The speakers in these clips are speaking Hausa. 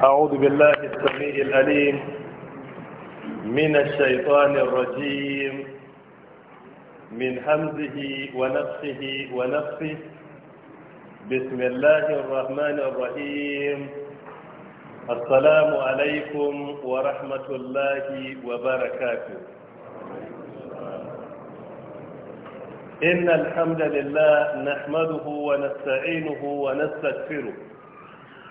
أعوذ بالله السميع العليم من الشيطان الرجيم من همزه ونفخه ونفخه بسم الله الرحمن الرحيم السلام عليكم ورحمة الله وبركاته إن الحمد لله نحمده ونستعينه ونستغفره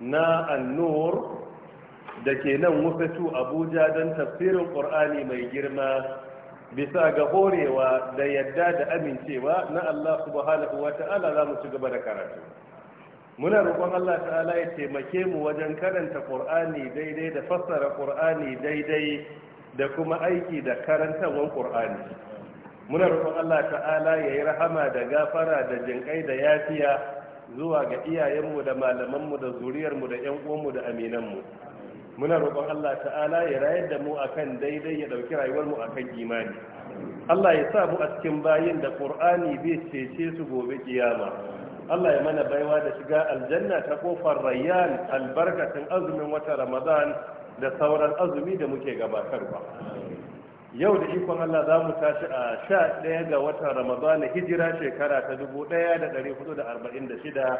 na annur da ke nan wufatu abuja don tafsirin ƙur'ani mai girma bisa ga horewa da yadda da amincewa na allah subhanahu wa ta'ala za mu ci gaba da karatu muna roƙon allah ta'ala ya taimake mu wajen karanta ƙur'ani daidai da fassara ƙur'ani daidai da kuma aiki da karantawan ƙur'ani muna roƙon allah ta'ala ya yi rahama da gafara da jinƙai da yafiya zuwa ga iyayenmu da malamanmu da zuriyarmu da yan uwanmu da aminanmu muna roƙon Allah ta'ala ya rayar da mu akan daidai ya ɗauki mu akan imani Allah ya sa mu a cikin bayin da Qur'ani bai cece su gobe kiyama Allah ya mana baiwa da shiga aljanna ta kofar Rayyan albarkacin azumin wata Ramadan da sauran azumi da muke gabatarwa yau da ikon Allah za mu tashi a sha ɗaya ga watan Ramadana hijira shekara ta dubu ɗaya da ɗari hudu da arba'in da shida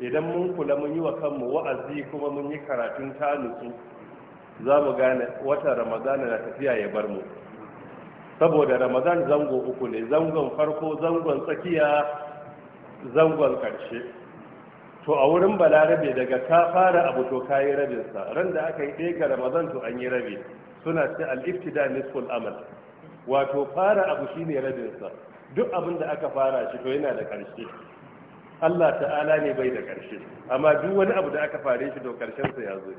idan mun kula mun yi wa kanmu wa'azi kuma mun yi karatun tanusu za mu gane watan Ramadana na tafiya ya bar mu saboda Ramadan zango uku ne zangon farko zangon tsakiya zangon karshe to a wurin balarabe daga ta fara abu to kayi rabinsa ran da aka yi ɗaya ga Ramadan to an yi rabi suna ce al-ibtida nisful amal wato fara abu shine rabin sa duk abin da aka fara shi to yana da karshe Allah ta'ala ne bai da karshe amma duk wani abu da aka fare shi to karshen sa ya zo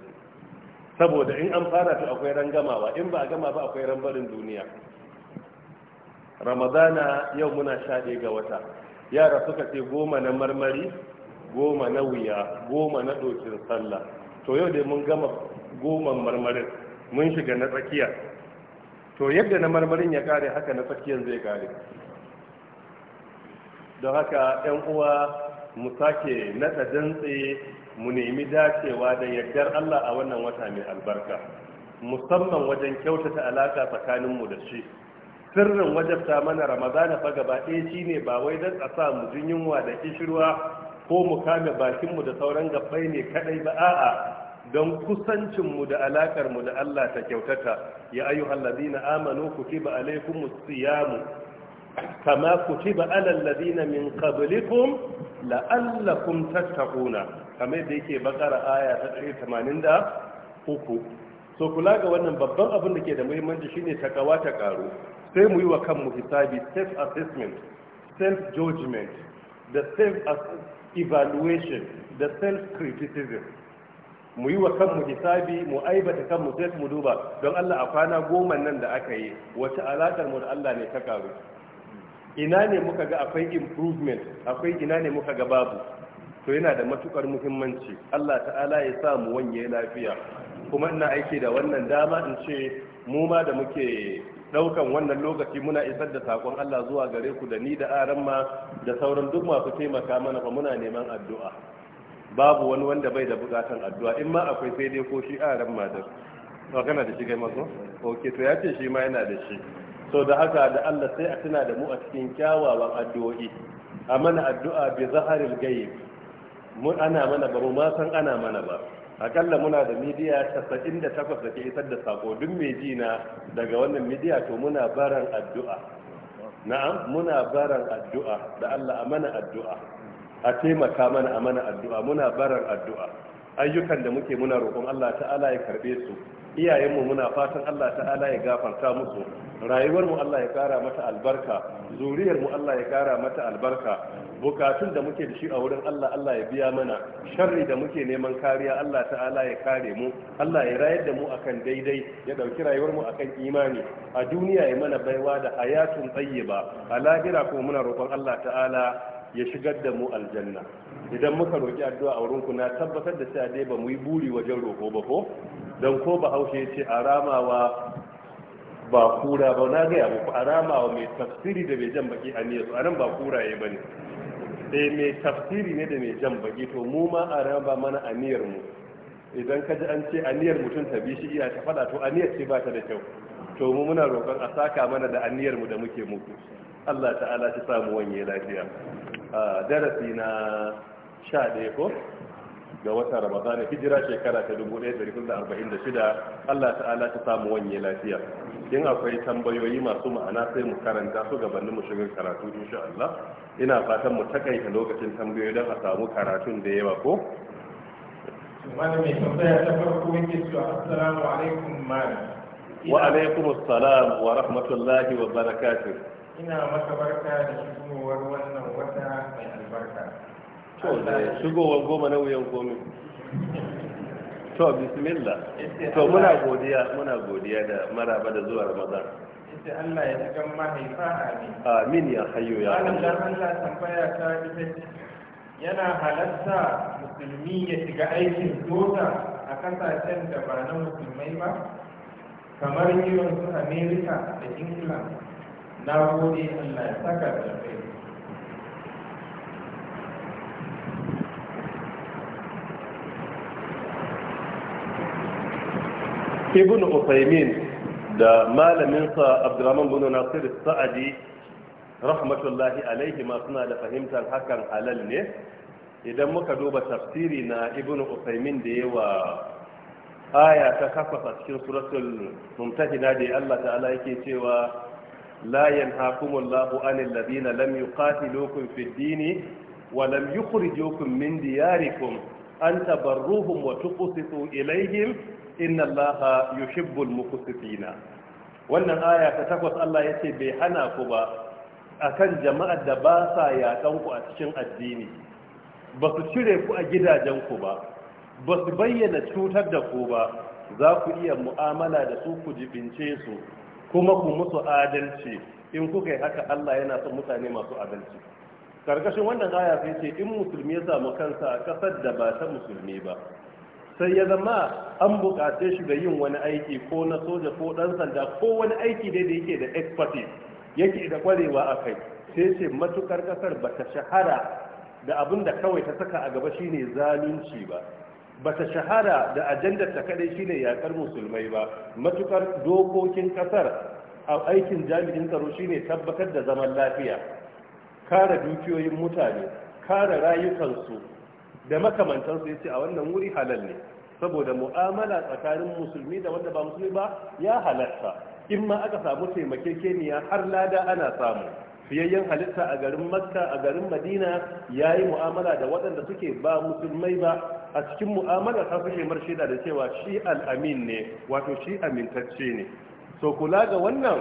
saboda in an fara to akwai rangamawa in ba a gama ba akwai rambarin duniya ramadana yau muna sha ga wata yara suka ce goma na marmari goma na wuya goma na dokin sallah to yau dai mun gama goman marmarin mun shiga na tsakiya to yadda na marmarin ya kare haka na tsakiyar zai kare don haka 'yan uwa mu sake naɗa dantse mu nemi dacewa da yardar Allah a wannan wata mai albarka musamman wajen kyautata alaka mu da shi sirrin wajabta mana ramadana fa gaba ɗaya shine ba wai don a sa mu jin yunwa da kishirwa ko mu kame bakinmu da sauran gabbai ne kadai ba a'a don kusancinmu da alaƙarmu da Allah ta kyautata ya ayu halladina amanu kutiba alaikumus siyamu kama kutiba alal ladina min qablikum la'allakum tattaquna kamar yadda yake bakara aya ta uku. so kula ga wannan babban abin da ke da muhimmanci shine takawa ta karu sai mu yi wa kanmu hisabi self assessment self judgment da self evaluation da self criticism mu yi wa kanmu hisabi mu aibata kanmu sai mu duba don Allah a kwana goma nan da aka yi wace alaƙar mu da Allah ne ta karu ina ne muka ga akwai improvement akwai ina ne muka ga babu to yana da matukar muhimmanci Allah ta'ala ya sa mu wanye lafiya kuma ina aiki da wannan dama in ce mu ma da muke daukan wannan lokaci muna isar da sakon Allah zuwa gare ku da ni da aran ma da sauran duk masu taimaka mana fa muna neman addu'a babu wani wanda bai da bukatan addu'a in ma akwai sai dai ko shi a ran madar to da shi gai maso ok to ya ce shi ma yana da shi so da haka da Allah sai a tuna da mu a cikin kyawawan addu'o'i a mana addu'a bi zaharil gayib mu ana mana ba mu ma san ana mana ba akalla muna da midiya 98 da ke isar da sako duk mai ji na daga wannan midiya to muna baran addu'a na'am muna baran addu'a da Allah a mana addu'a a taimaka mana a mana addu'a muna barar addu'a ayyukan da muke muna roƙon Allah ta'ala ya karɓe su iyayenmu muna fatan Allah ta'ala ya gafarta musu rayuwarmu Allah ya ƙara mata albarka zuriyarmu Allah ya ƙara mata albarka bukatun da muke da shi a wurin Allah Allah ya biya mana sharri da muke neman kariya Allah ta'ala ya kare mu Allah ya rayar da mu akan daidai ya ɗauki rayuwarmu mu akan imani a duniya ya mana baiwa da hayatun tayyiba a lahira kuma muna roƙon Allah ta'ala ya shigar da mu aljanna idan muka roƙi addu'a a wurinku na tabbatar da cewa dai ba mu yi buri wajen roƙo ba ko don ko ba haushe ya ce a ramawa ba kura ba na gaya muku a ramawa mai tafsiri da mai jan baki a niyyar su a nan ba kura ba ne eh mai tafsiri ne da mai jan baki to mu ma a rama mana a niyyar mu idan ka ji an ce aniyar mutum ta bi shi iya ta fada to aniyar ce ba ta da kyau to mu muna roƙon a saka mana da aniyar mu da muke muku Allah ta'ala ta samu wanye lafiya a darasi na sha ɗaya ko ga watan ramadana hijira shekara ta 1446 Allah ta'ala ta samu wanye lafiya in akwai tambayoyi masu ma'ana sai mu karanta su gabanin mu shigar karatu insha Allah ina fatan mu takaita lokacin tambayoyi don a samu karatun da yawa ko wani mai tambaya ta farko yake cewa assalamu alaikum wa alaikum assalam wa rahmatullahi wa barakatuh ina maka barka da shigowar wannan wata mai albarka to da shigowar goma na wuyan gomi to bismillah to muna godiya muna godiya da maraba da zuwa ramadan sai Allah ya cikin mahaifa amin amin ya hayo ya Allah Allah tambaya ta ita yana halatta musulmi ya shiga aikin soja a kasashen da ba na musulmai ba kamar irin su Amerika da England na gode Allah ya saka da alkhairi ibn Uthaymeen da malaminsa Abdurrahman bin Nasir Sa'adi rahmatullahi alaihi ma suna da fahimtar hakan halal ne idan muka duba tafsiri na ibn Uthaymeen da yawa aya ta kafa cikin suratul mumtahina da Allah ta'ala yake cewa لا ينهاكم الله عن الذين لم يقاتلوكم في الدين ولم يخرجوكم من دياركم أن تبروهم وتقسطوا إليهم إن الله يحب المقسطين wannan aya ta takwas Allah ya ce bai hana ku ba akan jama'ar da ba sa yaƙan ku a cikin addini ba su cire ku a gidajen ku ba ba su bayyana cutar da ku ba za ku iya mu'amala da su ku jibince su kuma ku musu adalci in kuka yi haka Allah yana son mutane masu adalci karkashin wannan aya sai ce in musulmi ya samu kansa a kasar da ba ta musulmi ba sai ya zama an buƙace shi da yin wani aiki ko na soja ko ɗan sanda ko wani aiki dai da yake da expertise yake da kwarewa a kai sai ce matukar kasar ba ta shahara da abin da kawai ta saka a gaba shine zalunci ba bata shahara da ajandar ta kadai shine yakar musulmai ba matukar dokokin kasar a aikin jami'in tsaro shine tabbatar da zaman lafiya kare dukiyoyin mutane kare rayukansu da makamantansu yace a wannan wuri halal ne saboda mu'amala tsakanin musulmi da wanda ba musulmi ba ya halatta in ma aka samu taimakekeniya har lada ana samu fiyayyen halitta a garin makka a garin madina ya yi mu'amala da waɗanda suke ba musulmai ba a cikin mu'amala ta suke marshida da cewa shi al'amin ne wato shi amintacce ne so kula ga wannan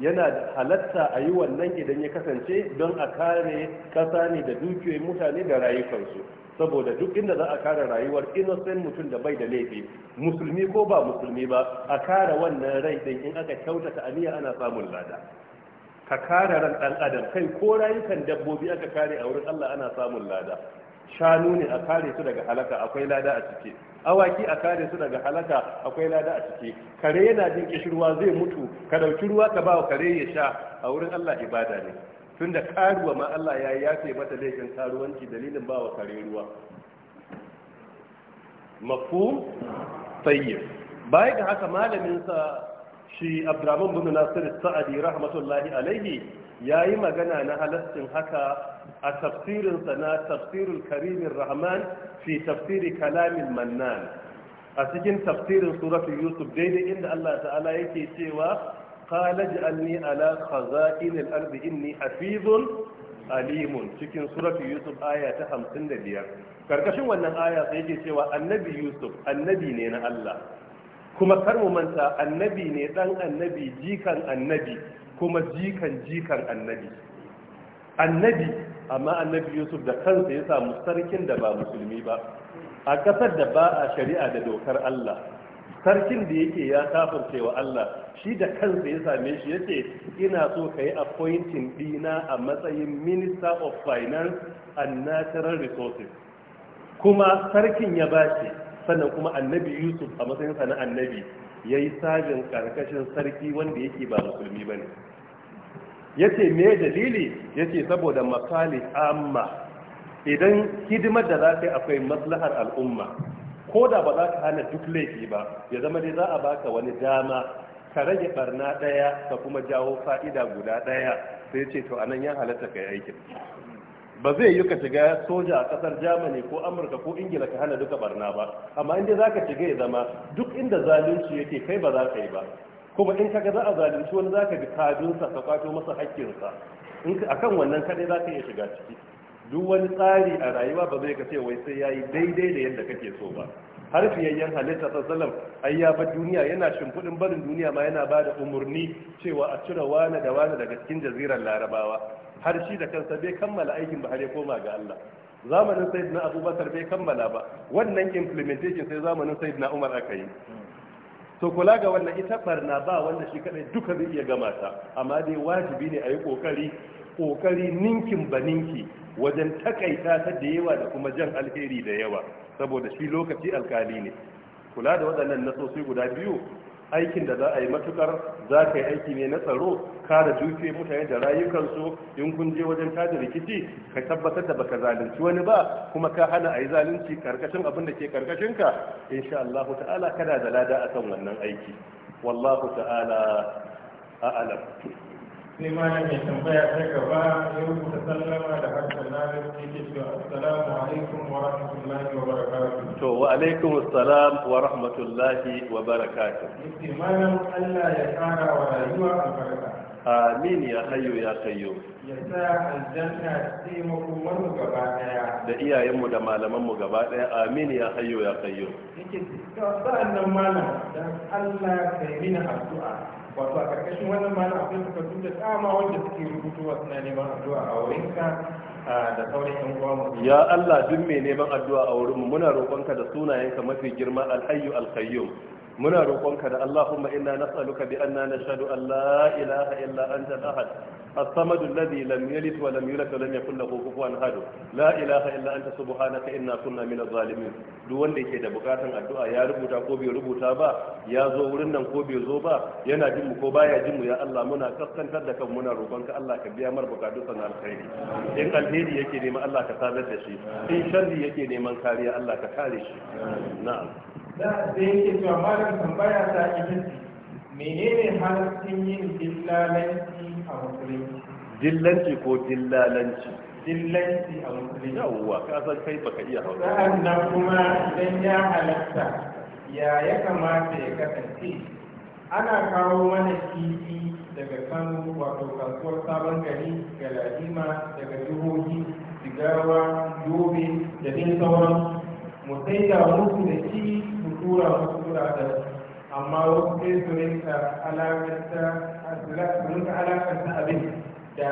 yana halatta a yi wannan idan ya kasance don a kare kasa ne da dukiyoyin mutane da rayukansu saboda duk inda za a kare rayuwar innocent mutum da bai da laifi musulmi ko ba musulmi ba a kare wannan rai din in aka kyautata aniya ana samun lada ka kare ran dan adam kai ko rayukan dabbobi aka kare a wurin Allah ana samun lada shanu ne a kare su daga halaka akwai lada a ciki awaki a kare su daga halaka akwai lada a cike. kare yana jin kishirwa zai mutu ka dauki ruwa ka ba kare ya sha a wurin Allah ibada ne tunda karuwa ma Allah ya yafe mata laifin karuwanci dalilin ba wa kare ruwa mafhum tayyib bai da haka malamin sa shi abdurrahman bin nasir sa'adi rahmatullahi alaihi yayi magana na halastin haka a tafsirinsa na tafsirul karimin rahman fi tafsiri kalamin mannan a cikin tafsirin suratul yusuf daidai inda Allah ta'ala yake cewa qala ja'alni ala khaza'inil ardi inni hafizun alimun cikin suratul yusuf aya ta 55 karkashin wannan aya sai yake cewa annabi yusuf annabi ne na Allah kuma kar mu manta annabi ne dan annabi jikan annabi kuma jikan jikan annabi annabi amma annabi yusuf da kansa ya samu sarkin da ba musulmi ba a kasar da ba a shari'a da dokar allah sarkin da yake ya kafirce wa allah shi da kansa ya same shi yace ina so ka yi appointing dina a matsayin minister of finance and natural resources kuma sarkin ya bace sannan kuma annabi yusuf a matsayinsa na annabi ya yi sajin karkashin sarki wanda yake ba musulmi ba ne ya ce me dalili ya ce saboda makali amma idan hidimar da za ka yi akwai maslahar al'umma ko da ba za ka hana duk laifi ba ya zama dai za a baka wani dama ka rage barna ɗaya ka kuma jawo fa'ida guda ɗaya sai ce to anan ya halatta ka yi aikin ba zai yi ka shiga soja a kasar germany ko amurka ko ingila ka hana duka barna ba amma inda za ka shiga ya zama duk inda zalunci yake kai ba za ka yi ba kuma in kaga za a zalunci wani za ka bi kadinsa ka kwato masa haƙƙinsa akan wannan kaɗai za ka iya shiga ciki duk wani tsari a rayuwa ba zai ka ce wai sai ya yi daidai da yadda kake so ba har fiyayyen halitta sallallahu ai ya bar duniya yana shimfiɗin barin duniya ma yana bada umurni cewa a cire wani da wani daga cikin jazirar larabawa har shi da kansa bai kammala aikin ba har ya koma ga Allah zamanin sayyidina abubakar bai kammala ba wannan implementation sai zamanin sayyidina umar aka yi to kula ga wannan ita barna ba wanda shi kadai duka zai iya gamata amma dai wajibi ne a yi kokari kokari ninkin ba ninki wajen takaita ta da yawa da kuma jan alheri da yawa saboda shi lokaci alkali ne kula da waɗannan nasosi guda biyu aikin da za a yi matukar za ka yi aiki ne na tsaro da dukiyoyin mutane da rayukansu in kun je wajen tada rikici ka tabbatar da baka zalunci wani ba kuma ka hana a yi zalunci karkashin abin da ke karkashin ka insha Allah ta'ala kana da lada akan wannan aiki wallahu ta'ala a'lam sai malam mai tambaya ta gaba yau rubuta sallama da harshen larabci ke cewa assalamu alaikum wa rahmatullahi wa barakatuh to wa alaikum assalam wa rahmatullahi wa barakatuh yake malam Allah ya kara wa rayuwa a albarka amin ya hayyu ya kayo. ya sa aljanna ce makomar mu gaba daya da iyayenmu da malamanmu mu gaba daya amin ya hayyu ya kayyo yake sa'an nan malam dan Allah kai mini addu'a wato a ƙarƙashin wannan mana akwai takardu da dama wanda suke rubutuwa suna neman addu'a a wurinka da sauran yan uwa ya Allah duk mai neman addu'a a wurinmu muna roƙonka da sunayenka mafi girma alhayyu alqayyum muna roƙonka da Allahumma inna nas'aluka bi anna nashhadu an la ilaha illa anta ahad الصمد الذي لم يلد ولم يولد ولم يكن له كفوا احد لا اله الا انت سبحانك انا كنا من الظالمين duk wanda yake da bukatan addu'a ya rubuta ko bai rubuta ba ya zo wurin nan ko bai zo ba yana jin mu ko baya jin mu ya Allah muna kaskantar da kan muna roƙon ka Allah ka biya mar bukatu san alkhairi in alheri yake neman Allah ka sadar da shi in sharri yake neman kariya Allah ka kare shi na'am da yake cewa malam tambaya ta ita menene halaccin yin dillalanci dillanci ko dillalanci dillanci a musulunci yawwa ka san kai baka iya hausa sa'annan kuma idan ya halatta ya ya kamata ya kasance ana kawo mana kifi daga kan wato kasuwar sabon gari galadima daga jihohi jigawa yobe da dai sauran mu sai da musu da shi mu tura musu tura da amma wasu sai su rinka ta su rinka alaƙanta abin da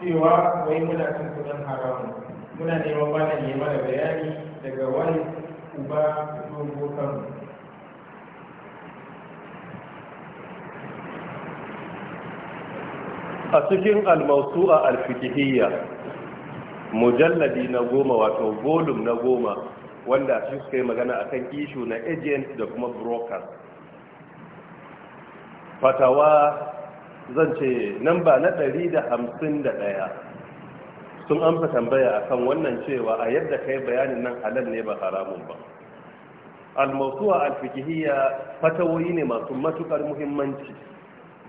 cewa wai muna cin kuɗin haramun muna neman bana ne mana bayani daga wani uba dogo kanu a cikin a alfikihiyya mujalladi na goma wato volum na goma wanda shi suka yi magana akan ishu na agent da kuma broker fatawa zan ce nan ba na ɗari da hamsin da ɗaya sun amsa tambaya akan wannan cewa a yadda ka yi bayanin nan halal ne ba haramun ba almautuwa alfikihiyya fatawoyi ne masu matukar muhimmanci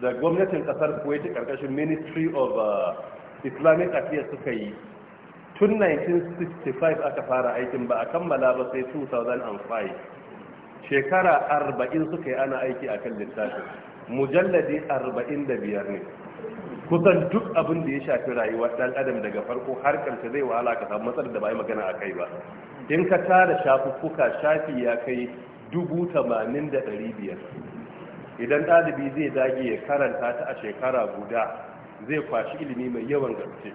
da gwamnatin kasar kuwaiti karkashin ministry of uh, islamic affairs suka yi tun 1965 aka fara aikin ba a kammala ba sai 2005 shekara 40 suka yi ana aiki a kan littafin mujalladi 45 ne kusan duk abin da ya shafi rayuwa dan adam daga farko har karshe zai wahala ka samu matsalar da ba yi magana a kai ba in ka tara shafuffuka shafi ya kai dubu tamanin da ɗari biyar idan ɗalibi zai dage ya karanta ta a shekara guda zai kwashi ilimi mai yawan gaske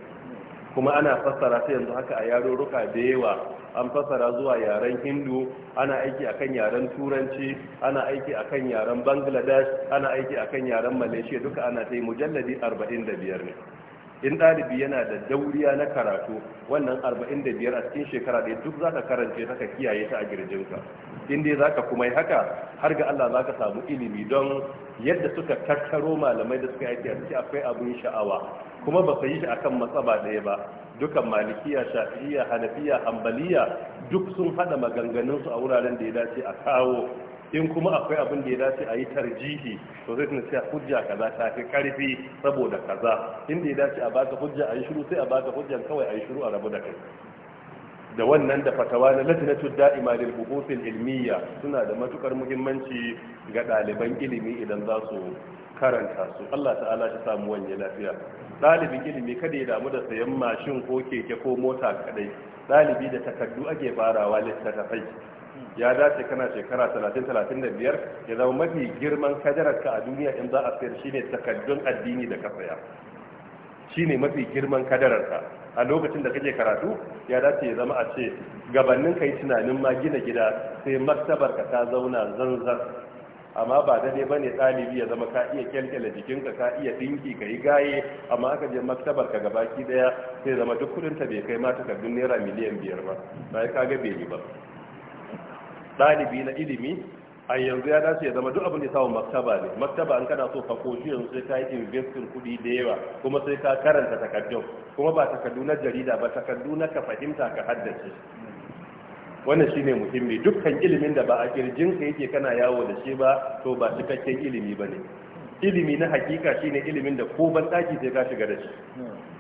kuma ana fassara ta yanzu haka a yarurruka da yawa an fassara zuwa yaren hindu ana aiki akan yaren turanci ana aiki akan yaren bangladesh ana aiki akan yaren malaysia duka ana ta yi mujalladi 45 ne in ɗalibi yana da dauriya na karatu wannan 45 a cikin shekara ɗaya duk za ka karance ta ka kiyaye ta a girjinka in dai za ka kuma yi haka har ga Allah za ka samu ilimi don yadda suka tattaro malamai da suka yi aiki a ciki akwai abin sha'awa kuma ba su yi shi akan matsaba ɗaya ba dukan malikiya shafiya, hanafiya hambaliya duk sun haɗa maganganunsu a wuraren da ya dace a kawo in kuma akwai abin da ya dace a yi tarjihi to zai tuna cewa hujja kaza ta fi karfi saboda kaza inda ya dace a baka hujja a yi shiru sai a baka hujjan kawai a yi shiru a rabu da kai da wannan da fatawa na latinatu da'ima lil buhuthil ilmiya suna da matukar muhimmanci ga ɗaliban ilimi idan za su karanta su Allah ta'ala ta samu wanye lafiya ɗalibin ilimi kada ya damu da sayan mashin ko keke ko mota kadai ɗalibi da takardu ake farawa littattafai ya dace kana shekara 30-35 ya zama mafi girman ka a duniya in za a sayar shine takaddun addini da ka shi ne mafi girman kadararka a lokacin da kake karatu ya dace ya zama a ce gabanin kai tunanin ma gina gida sai maktabar ka ta zauna zanzan amma ba da ba ne ɗalibi ya zama ka iya kyalkyala jikinka ka iya ɗinki ka yi gaye amma aka je maktabar ka gabaki ɗaya sai zama duk ta bai kai ma takardun naira miliyan biyar ba na ka ga bai yi ba ɗalibi na ilimi a yanzu ya dace ya zama duk abin da samun maktaba ne maktaba an kana so ka koshi yanzu sai ka yi investin kuɗi da yawa kuma sai ka karanta takardun kuma ba takardu na jarida ba takardu na ka fahimta ka haddace wannan shine muhimmi dukkan ilimin da ba a kirjin ka yake kana yawo da shi ba to ba cikakken ilimi ba ne ilimi na hakika shine ilimin da ko ban daki sai ka shiga da shi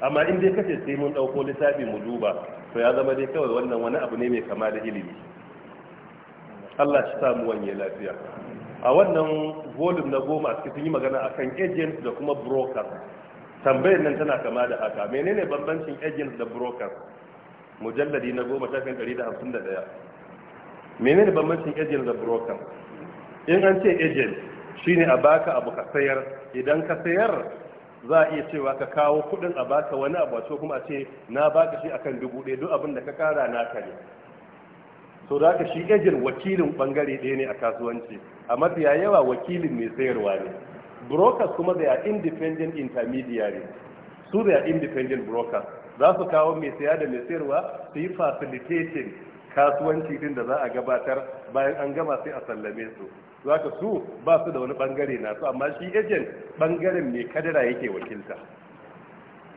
amma in dai kace sai mun dauko lissafi mu duba to ya zama dai kawai wannan wani abu ne mai kama da ilimi Allah shi samu wanye lafiya a wannan volume na goma a yi magana akan agent da kuma broker tambayar nan tana kama da haka menene bambancin agent da broker mujalladi na goma ta ɗari da hamsin da ɗaya menene bambancin ejen da broker in an ce shi shine a baka abu ka sayar idan ka sayar za a iya cewa ka kawo kuɗin a baka wani abu a kuma a ce na baka shi akan dubu ɗaya duk abin da ka kara na ne so da haka shi ejen wakilin bangare ɗaya ne a kasuwanci a mafiya yawa wakilin mai sayarwa ne brokers kuma they are independent intermediary su da they are independent brokers za su kawo mai saya da mai sayarwa su yi facilitating kasuwanci din da za a gabatar bayan an gama sai a sallame su za ka su ba su da wani bangare na su amma shi ejen bangaren mai kadara yake wakilta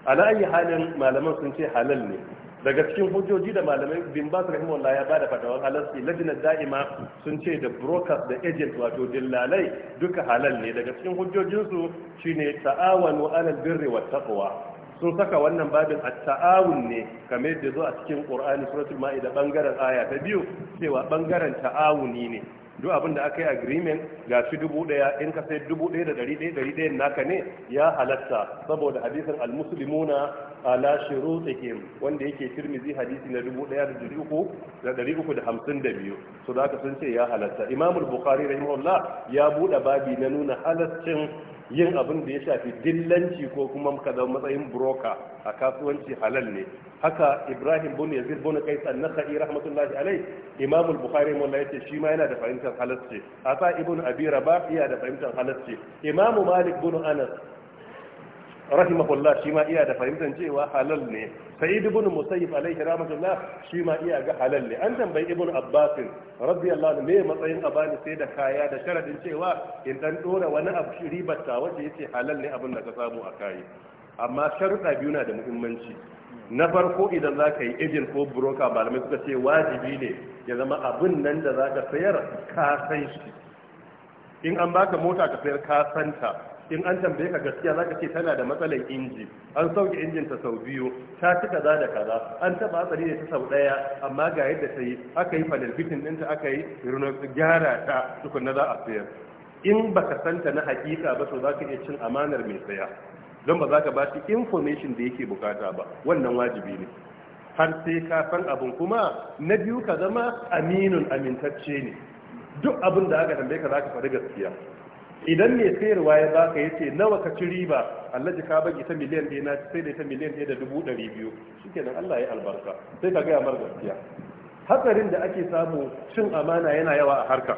A ayi halin malaman sun ce halal ne daga cikin hujjoji da malamai bin ba su rahimu Allah ya bada fadawan halarci lajinar da'ima sun ce da brokers da agent wato dillalai duka halal ne daga cikin hujjojinsu shine ta'awanu alal birri wa taqwa sun saka wannan babin a ta'awun ne kamar yadda zo a cikin ƙur'ani suratul ma'ida bangaren aya ta biyu cewa bangaren ta'awuni ne duk abin da aka yi agreement ga shi dubu ɗaya in ka sai dubu ɗaya da ɗari ɗaya ɗari ɗaya naka ne ya halatta saboda hadisin almuslimuna ala shurutihim wanda yake tirmizi hadisi na dubu ɗaya da ɗari uku da ɗari uku da hamsin da biyu so da aka sun ce ya halatta imamul bukhari rahimahullah ya buɗe babi na nuna halaccin yin abin da ya shafi dillanci ko kuma ka matsayin broker a kasuwanci halal ne haka ibrahim bin yazid bin qais an-nakhai rahmatullahi alai imam al-bukhari mullah yace shi ma yana da fahimtar halal ce asa ibn abi rabah iya da fahimtar halal ce imam malik bin anas rahimahullah shi ma iya da fahimtar cewa halal ne sai ibn musayyib alaihi rahmatullah shi ma iya ga halal ne an tambayi ibn abbas radiyallahu anhu me matsayin abani sai da kaya da sharadin cewa in dan dora wani abu ribar ta wace yace halal ne abin da ka samu a kai amma sharuɗa biyu na da muhimmanci na farko idan za ka yi ejin ko broka malamai suka ce wajibi ne ya zama abin nan da za ka sayar ka san shi in an baka mota ka sayar ka santa in an tambaye ka gaskiya zaka ce tana da matsalar inji an sauke injin ta sau biyu ta ci kaza da kaza an taba hatsari ne ta sau daya amma ga yadda ta yi aka yi panel fitting ɗinta aka yi gyara ta tukunna za a sayar in baka santa na hakika ba to zaka iya cin amanar mai tsaya don ba za ka ba shi information da yake bukata ba wannan wajibi ne har sai ka san abin kuma na biyu ka zama aminun amintacce ne duk abin da aka tambaye ka za ka faɗi gaskiya idan mai sayarwa ya baka ya ce nawa ka ci riba allaji ka bagi ta miliyan ɗaya na sai da ta miliyan ɗaya da dubu ɗari biyu shikenan allah ya albarka sai ka gaya mar gaskiya hatsarin da ake samu cin amana yana yawa a harka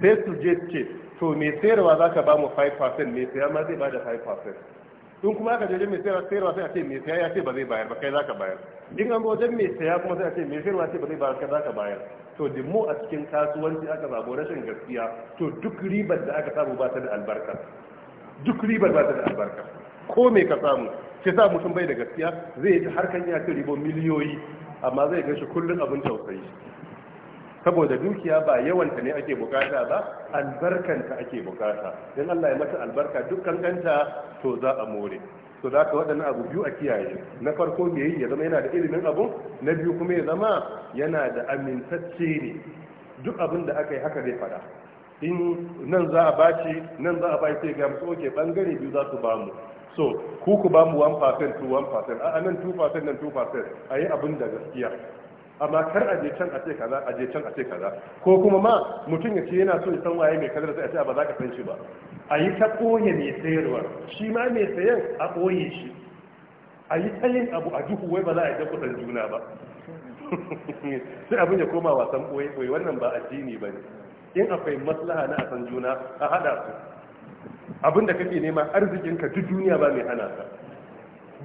sai su je ce to mai sayarwa za ka ba mu 5% mai saya ma zai ba da 5% in kuma aka je mai sayarwa sai a ce mai saya ya ce ba zai bayar ba kai za ka bayar din an wajen mai saya kuma sai a ce mai sayarwa ce ba zai ba za ka bayar to mu a cikin kasuwanci aka zabo rashin gaskiya to duk ribar da aka samu ba ta da albarka duk ribar ba ta da albarka ko mai ka samu ke sa mutum bai da gaskiya zai yi harkan ya ci ribo miliyoyi amma zai gan shi kullum abin tausayi saboda dukiya ba yawanta ne ake bukata ba albarkanta ake bukata in Allah ya mata albarka duk ganta to za a more to da ka waɗannan abu biyu a kiyaye na farko me yi ya zama yana da ilimin abu na biyu kuma ya zama yana da amintacce ne duk abin da aka yi haka zai fada in nan za a baci nan za a baci sai ga oke bangare biyu za su bamu so ku ku bamu 1% to 1% a'a nan 2% nan 2% ayi abin da gaskiya amma kar a je can a ce kaza a je can a ce kaza ko kuma ma mutum ya ce yana so ya san waye mai kadar sai a ce ba za ka san shi ba a yi ta koye mai sayarwa shi ma mai sayan a koye shi a yi ta abu a duhu wai ba za a yi kusan juna ba sai abin ya koma wasan koye koyi wannan ba addini ba ne in akwai maslaha na a san juna a haɗa su abin da kake nema arzikinka duk duniya ba mai hana ka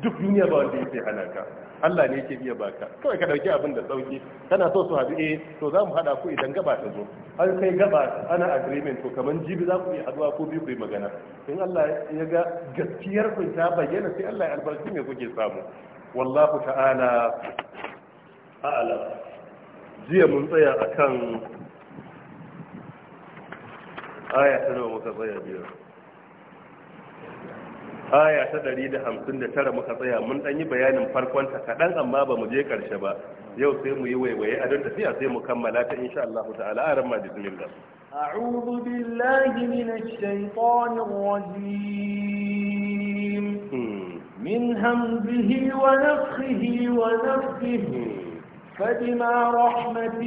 duk duniya ba wanda ya hana ka Allah ne yake biya baka kawai ka dauki abin da sauki kana so su haɗu eh to za mu haɗa ku idan gaba ta zo an kai gaba ana agreement to kaman jibi za ku iya haɗuwa ko biyu ku yi magana in Allah ya ga gaskiyar ku ta bayyana sai Allah ya albarki me kuke samu wallahu ta'ala a'ala jiya mun tsaya akan aya ta nawa muka tsaya biyar aya ta ɗari da da hamsin tara muka tsaya mun ɗan yi bayanin farkon ta kaɗan amma ba mu je ƙarshe ba yau sai mu yi waiwaye a don tafiya sai mu kammala ta insha Allah ta'ala aran ma bismillah a'udhu billahi minash shaitanir rajim hmm. min wa nafthihi فبما رحمة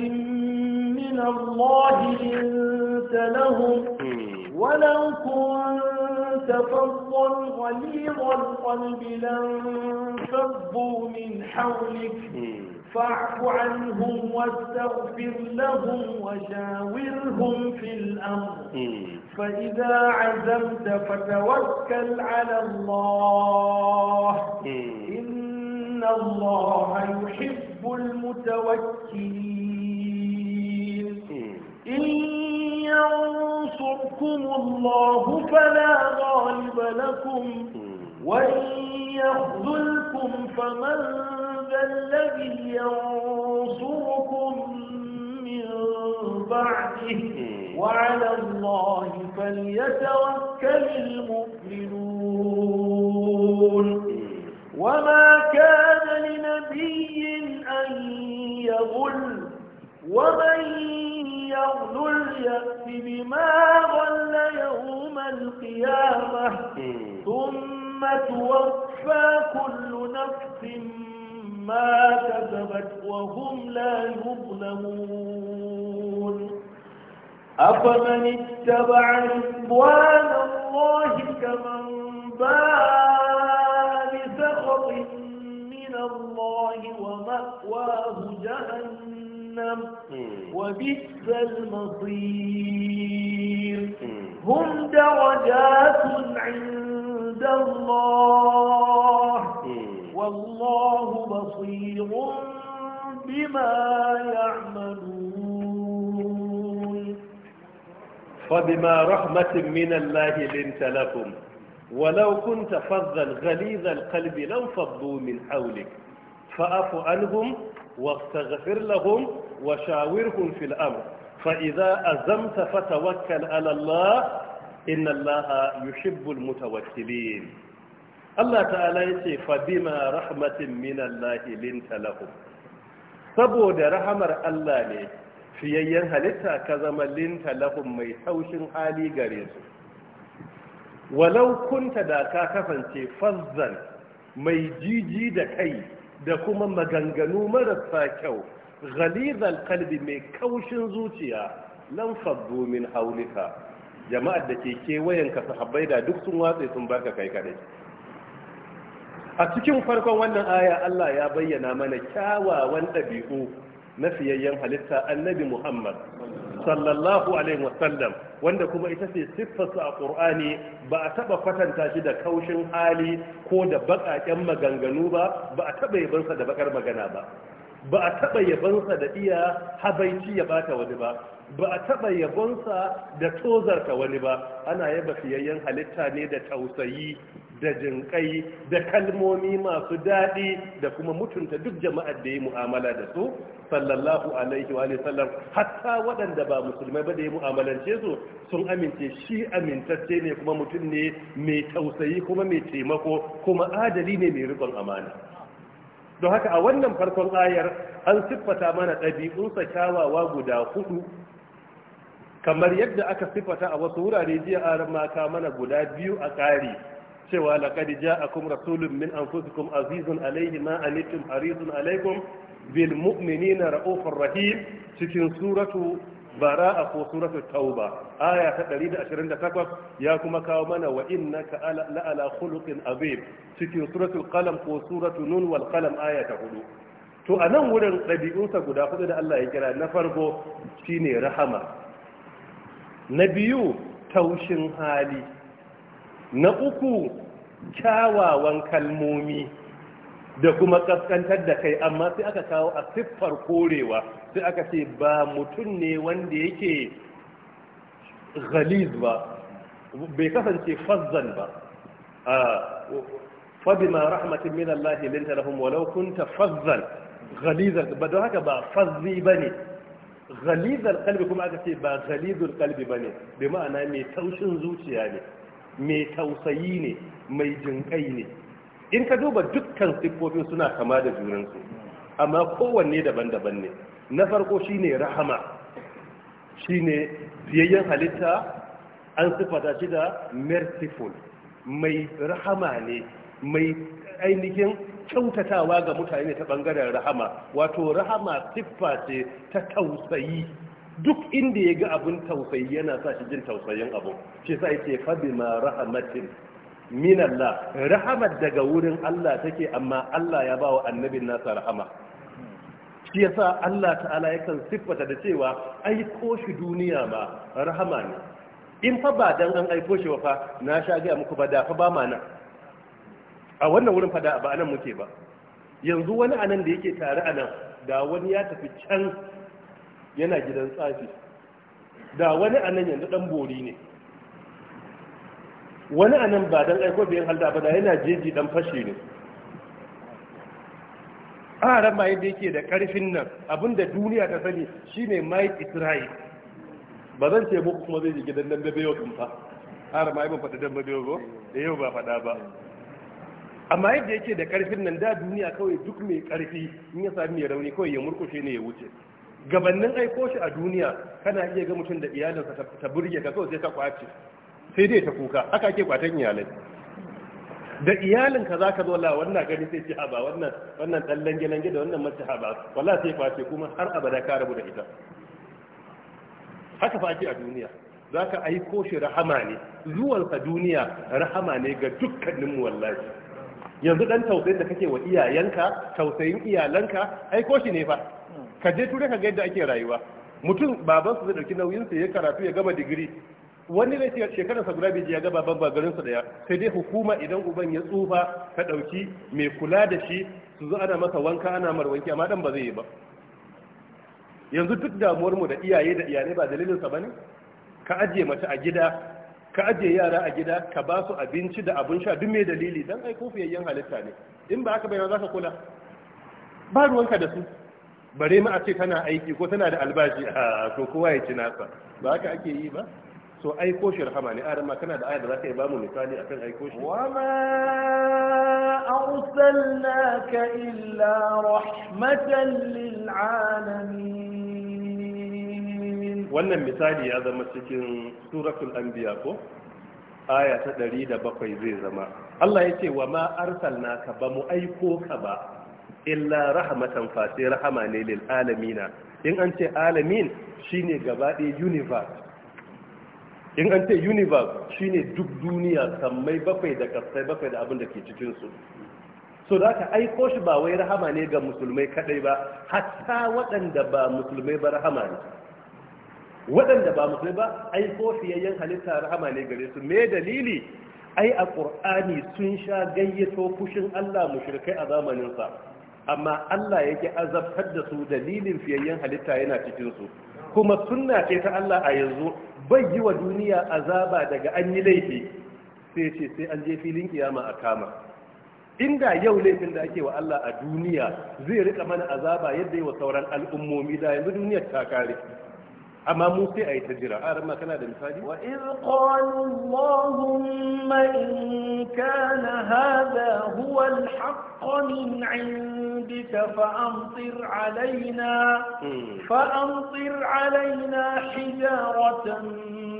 من الله لنت لهم ولو كنت كنت غليظ القلب لانفضوا من حولك فاعف عنهم واستغفر لهم وشاورهم في الأمر فإذا عزمت فتوكل على الله إن الله يحب المتوكلين ينصركم الله فلا غالب لكم وإن يخذلكم فمن ذا الذي ينصركم من بعده وعلى الله فليتوكل المؤمنون وما كان لنبي أن يغل ومن يغلل يأت بما غل يوم القيامة ثم توفى كل نفس ما كذبت وهم لا يظلمون أفمن اتبع رضوان الله كمن باء بسخط من الله ومأواه جهنم جهنم وبئس المصير هم درجات عند الله والله بصير بما يعملون فبما رحمة من الله لنت لكم ولو كنت فظا غليظ القلب لانفضوا من حولك فاعف عنهم واستغفر لهم wa shawirhum fil amr fa idza azamta fatawakkal ala Allah inna Allah yuhibbul mutawakkilin Allah ta'ala yace fa bima rahmatin min Allah linta lahum saboda rahamar Allah ne fiyayyen halitta ka zama linta lahum mai taushin hali gare Walaukunta da ka kasance fazzan mai jiji da kai da kuma maganganu marasa kyau ghalizal kalbi mai kaushin zuciya lan faddu min haulika jama'ar da ke kewayen ka sahabbai da duk sun watse sun barka kai kadai a cikin farkon wannan aya Allah ya bayyana mana kyawawan ɗabi'u na siyayyen halitta annabi Muhammad sallallahu alaihi wasallam wanda kuma ita ce siffarsa a ƙur'ani ba a taɓa kwatanta shi da kaushin hali ko da baƙaƙen maganganu ba ba a taɓa yi yabansa da baƙar magana ba ba a taɓa yabonsa da iya habaici ya bata wani ba ba a taɓa yabonsa da tozarta wani ba ana yaba fiyayyen halitta ne da tausayi da jinƙai da kalmomi masu daɗi da kuma mutunta duk jama'ar da ya mu'amala da su sallallahu alaihi wa sallam hatta waɗanda ba musulmai ba da ya mu'amalance su sun amince shi amintacce ne kuma mutum ne mai tausayi kuma mai taimako kuma adali ne mai riƙon amana don haka a wannan farkon ayar an siffata mana ɗabi'unsa kyawawa guda hudu kamar yadda aka siffata a wasu wurare jiya a maka mana guda biyu a ƙari cewa a ja'akum rasulun min anfusikum azizun alayhi ma anittum harisun alaikum, bil mu'minina ra'ufur rahim cikin suratu Bara a ko suratul tauba aya ta ɗari da 128 ya kuma kawo mana wa innaka ala ala khuluqin azim cikin suratul qalam ko suratul nun wal qalam aya ta 4 to anan wurin ɗabi'unsa guda hudu da Allah ya kira na farko shine rahama na biyu taushin hali na uku kyawawan kalmomi da kuma kaskantar da kai amma sai aka kawo a siffar korewa sai aka ce ba mutum ne wanda yake ghaliz ba bai kasance fazzan ba fabima rahmatin min Allah linta lahum walau kunta fazzan ghalizan ba don haka ba fazzi bane ghalizal qalbi kuma aka ce ba ghalizul qalbi bane bi ma'ana mai taushin zuciya ne mai tausayi ne mai jinkai ne in ka duba dukkan siffofin suna kama da junansu amma kowanne daban-daban ne na farko shi ne rahama shi ne biyayyen halitta an siffata shi da merciful mai rahama ne mai ainihin kyautatawa ga mutane ta bangaren rahama wato rahama siffa ce ta tausayi duk inda ya ga abin tausayi yana sa shi jin tausayin abu shi sa yake ma rahamatin min Allah rahamar daga wurin Allah take amma Allah ya ba wa annabin nasa rahama shi yasa Allah ta'ala yakan siffata da cewa aiko shi duniya ma rahama ne in fa ba dan an aiko shi fa na sha ga muku ba da fa ba mana a wannan wurin fa da ba anan muke ba yanzu wani anan da yake tare anan da wani ya tafi can yana gidan tsafi da wani anan yanzu dan bori ne wani anan ba don aiko biyan halda ba da yana jeji dan fashi ne a rama yadda yake da karfin nan abinda duniya ta sani shi ne mike israel ba zan ce muku kuma zai ji gidan dan bebe yau fa a rama yi mafaɗa dan bebe yau da yau ba faɗa ba amma yadda yake da karfin nan da duniya kawai duk mai karfi in ya sami mai rauni kawai ya murkushe ne ya wuce Gabanin aiko shi a duniya kana iya ga mutum da iyalinsa ta burge ka kawai sai ta kwace sai dai ta kuka haka ake kwatan iyalai da iyalin ka zo la wannan gani sai ce a ba wannan wannan dan lange lange da wannan mace ha ba wala sai kwace kuma har abada ka rabu da ita haka fa ake a duniya za ka aiko shi rahama ne zuwansa duniya rahama ne ga dukkanin mu wallahi yanzu dan tausayin da kake wa iyayenka tausayin iyalanka aiko shi ne fa ka je ture ka ga yadda ake rayuwa mutum baban su zai dauki nauyin sa ya karatu ya gama digiri wani ne shekararsa guda biyu ya gaba babba garinsa daya sai dai hukuma idan uban ya tsufa ka dauki mai kula da shi su zo ana maka wanka ana marwanki amma dan ba zai yi ba yanzu duk damuwar mu da iyaye da iyane ba dalilin sa bane ka ajiye mace a gida ka ajiye yara a gida ka ba su abinci da abun sha duk mai dalili dan ai kofiyayyen halitta ne in ba haka bai za kula ba ruwanka da su bare ma a ce tana aiki ko tana da albashi a to kowa ya ci nasa ba haka ake yi ba so aiko shi rahama ne adama kana da aya da zaka yi bamu misali akan aiko shi wa ma arsalnaka illa rahmatan lil alamin wannan misali ya zama cikin suratul anbiya ko aya ta 107 zai zama Allah ya ce wa ma arsalnaka ba mu aiko ka ba illa rahmatan fa sai rahama ne lil alamin in an ce alamin shine gaba ɗaya universe in an ce universe shine duk duniya sammai bakwai da kasai bakwai da abin da ke cikinsu. su so da aka aiko shi ba wai rahama ne ga musulmai kadai ba hatta waɗanda ba musulmai ba rahama ne waɗanda ba musulmai ba aiko yayyan halitta rahama ne gare su me dalili ai a ƙur'ani sun sha gayyato kushin Allah mushrikai a zamaninsa amma Allah yake azabtar da su dalilin fiyayyen halitta yana cikin kuma sunna ce ta Allah a yanzu bai yi wa duniya azaba daga an yi laifi sai ce sai an je filin kiyama a kama inda yau laifin da ake wa Allah a duniya zai rika mana azaba yadda yi wa sauran al'ummomi da yanzu duniyar ta kare amma mu sai a yi ta jira a rama kana da misali wa iz qalu allahumma in kana hadha huwa al-haqq min 'indika fa amtir 'alaina fa amtir 'alaina hijaratan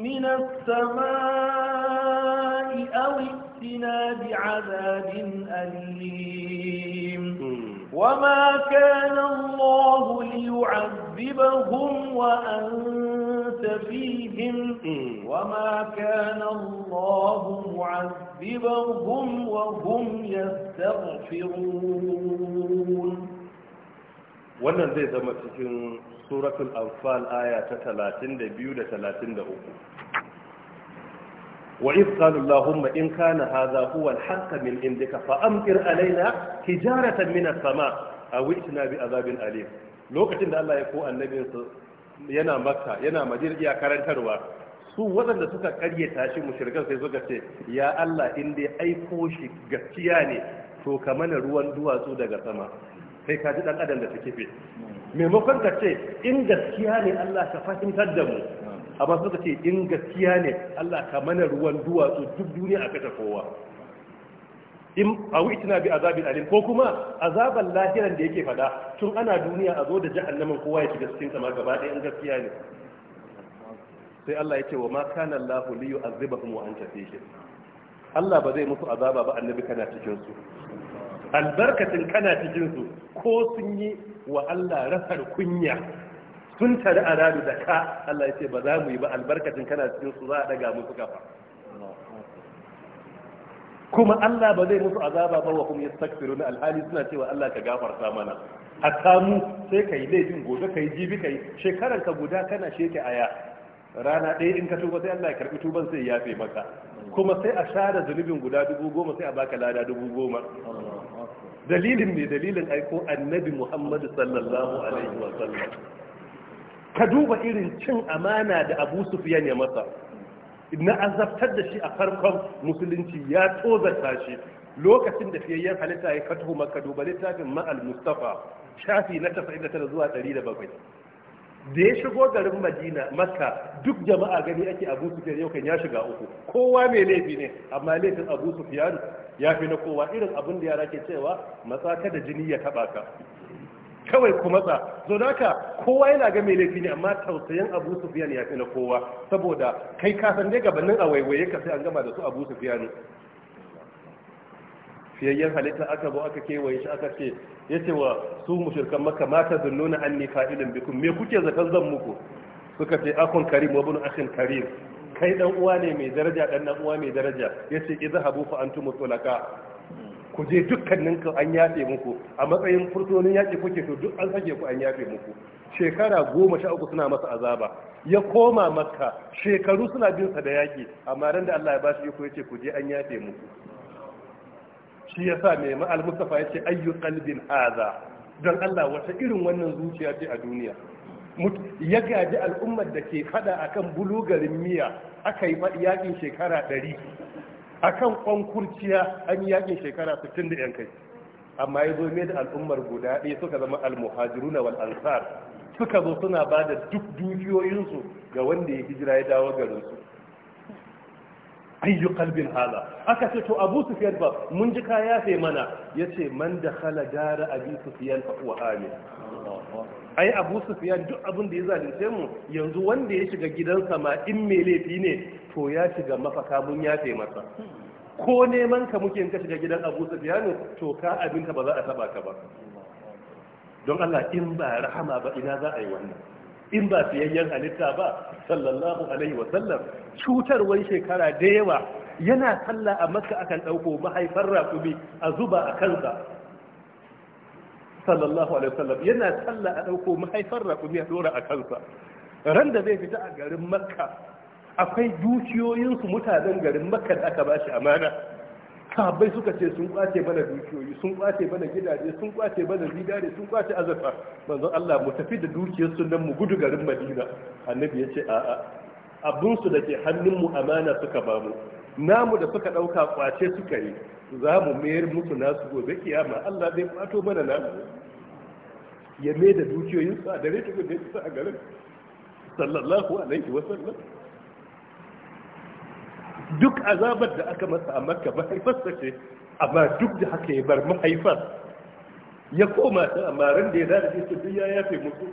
min as-samaa'i aw i'tina bi'adabin alim وما كان الله ليعذبهم وأنت فيهم وما كان الله معذبهم وهم يستغفرون wannan zai zama cikin suratul anfal aya ta 32 da 33 وإذ قالوا اللهم إن كان هذا هو الحق من عندك فأمطر علينا حجارة من السماء أو ائتنا بعذاب أليم lokacin da Allah ya ko annabinsu yana makka yana madina iya karantarwa su waɗanda suka karyata shi mushrikan sai suka ce ya Allah in dai aiko shi gaskiya ne to ka mana ruwan duwatsu daga sama sai ka ji dan adam da take fi. maimakon ka ce in gaskiya ne Allah ka fahimtar da mu amma suka ce in gaskiya ne Allah ka mana ruwan duwatsu duk duniya a kashe kowa in awu itina bi azabin alim ko kuma azaban lahiran da yake fada tun ana duniya a zo da jahannamin kowa ya shiga cikin sama gaba ɗaya in gaskiya ne sai Allah ya ce wa ma kana Allah li yu'azzibahum wa anta fihim Allah ba zai musu azaba ba annabi kana cikin su albarkatin kana cikin su ko sun yi wa Allah rasar kunya sun tare a radu da ka Allah ya ce ba za mu yi ba albarkacin kana cikin su za a daga musu kafa kuma Allah ba zai musu azaba ba wa kuma na alhali suna cewa Allah ka gafarta mana hatta mu sai yi laifin gobe kai jibi kai shekarar ka guda kana sheke aya rana ɗaya in ka tuba sai Allah ya karɓi tuban sai ya yafe maka kuma sai a share zunubin guda dubu goma sai a baka lada dubu goma dalilin ne dalilin aiko annabi Muhammadu sallallahu alaihi wa sallam ka duba irin cin amana da abu sufiyan ya masa na azabtar da shi a farkon musulunci ya tozarta shi lokacin da fiyayyen halitta ya fatahu maka duba littafin ma'al mustafa shafi na 99 zuwa 107 da ya shigo garin madina makka duk jama'a gani ake abu sufiyan yau kan ya shiga uku kowa mai laifi ne amma laifin abu sufiyan ya fi na kowa irin abin da yara ke cewa matsaka da jini ya taɓa ka kawai ku matsa zo da haka kowa yana ga mai laifi ne amma tausayin abu sufiyan ya fi na kowa saboda kai kasan san dai gabanin a waiwaye ka sai an gama da su abu sufiyan fiyayyen halitta aka bo aka kewaye shi aka ce ya ce wa su mushirkan maka mata an ne fa'ilun bikin me kuke zaton zan muku suka ce akon karim wa bin karim kai dan uwa ne mai daraja dan uwa mai daraja ya yace idhabu fa antum tulaka ku je dukkanin ku an yafe muku a matsayin furtonin yaƙi kuke to duk an sake ku an yafe muku shekara goma sha uku suna masa azaba ya koma makka shekaru suna bin sa da yaƙi amma ran da Allah ya bashi iko yace ku je an yafe muku shi yasa mai ma'al mustafa yace ayyu qalbin hadha dan Allah wata irin wannan zuciya ce a duniya ya gaji al'ummar da ke fada akan bulugarin miya aka yi yaƙin shekara ɗari a akan kurciya an yi yaƙin shekara 60 da yan kai amma ya zo da al'ummar guda ɗaya suka zama almuhajiruna na wal'ansar, suka zo suna ba da duk dukiyoyinsu ga wanda ya hijira ya dawo garinsu ayyu kalbin hala aka ce to Abu Sufyan ba mun ji ka yafe mana yace man da dakhala dara Abi Sufyan fa huwa amin ai Abu Sufyan duk abin da ya zalunce mu yanzu wanda ya shiga gidansa ma in mai laifi ne to ya shiga mafaka mun yafe masa ko neman ka muke in shiga gidan Abu Sufyan to ka abinka ba za a taba ka ba don Allah in ba rahama ba ina za a yi wannan in ba fiyayyen halitta ba sallallahu alaihi wasallam cutarwar shekara da yawa yana sallah a makka akan ɗauko mahaifar raƙumi a zuba a kansa sallallahu alaihi wasallam yana sallah a ɗauko mahaifar raƙumi a ɗora a kansa ran da zai fita a garin makka akwai dukiyoyinsu mutanen garin makka da aka ba shi amana sahabbai suka ce sun kwace mana dukiyoyi sun kwace mana gidaje sun kwace mana zidare sun kwace azurfa manzon Allah mu tafi da dukiyar su mu gudu garin Madina annabi ya ce a'a abun su dake hannun mu amana suka ba mu namu da suka dauka kwace suka yi za mu mayar musu nasu gobe kiyama Allah zai kwato mana nan ya mai da dukiyoyin su a dare ta su a garin sallallahu alaihi wasallam duk azabar da aka masa a makka mahaifarsa ce amma duk da haka ya bar mahaifar ya koma ta amma ran da ya ce su ya yafe mutu.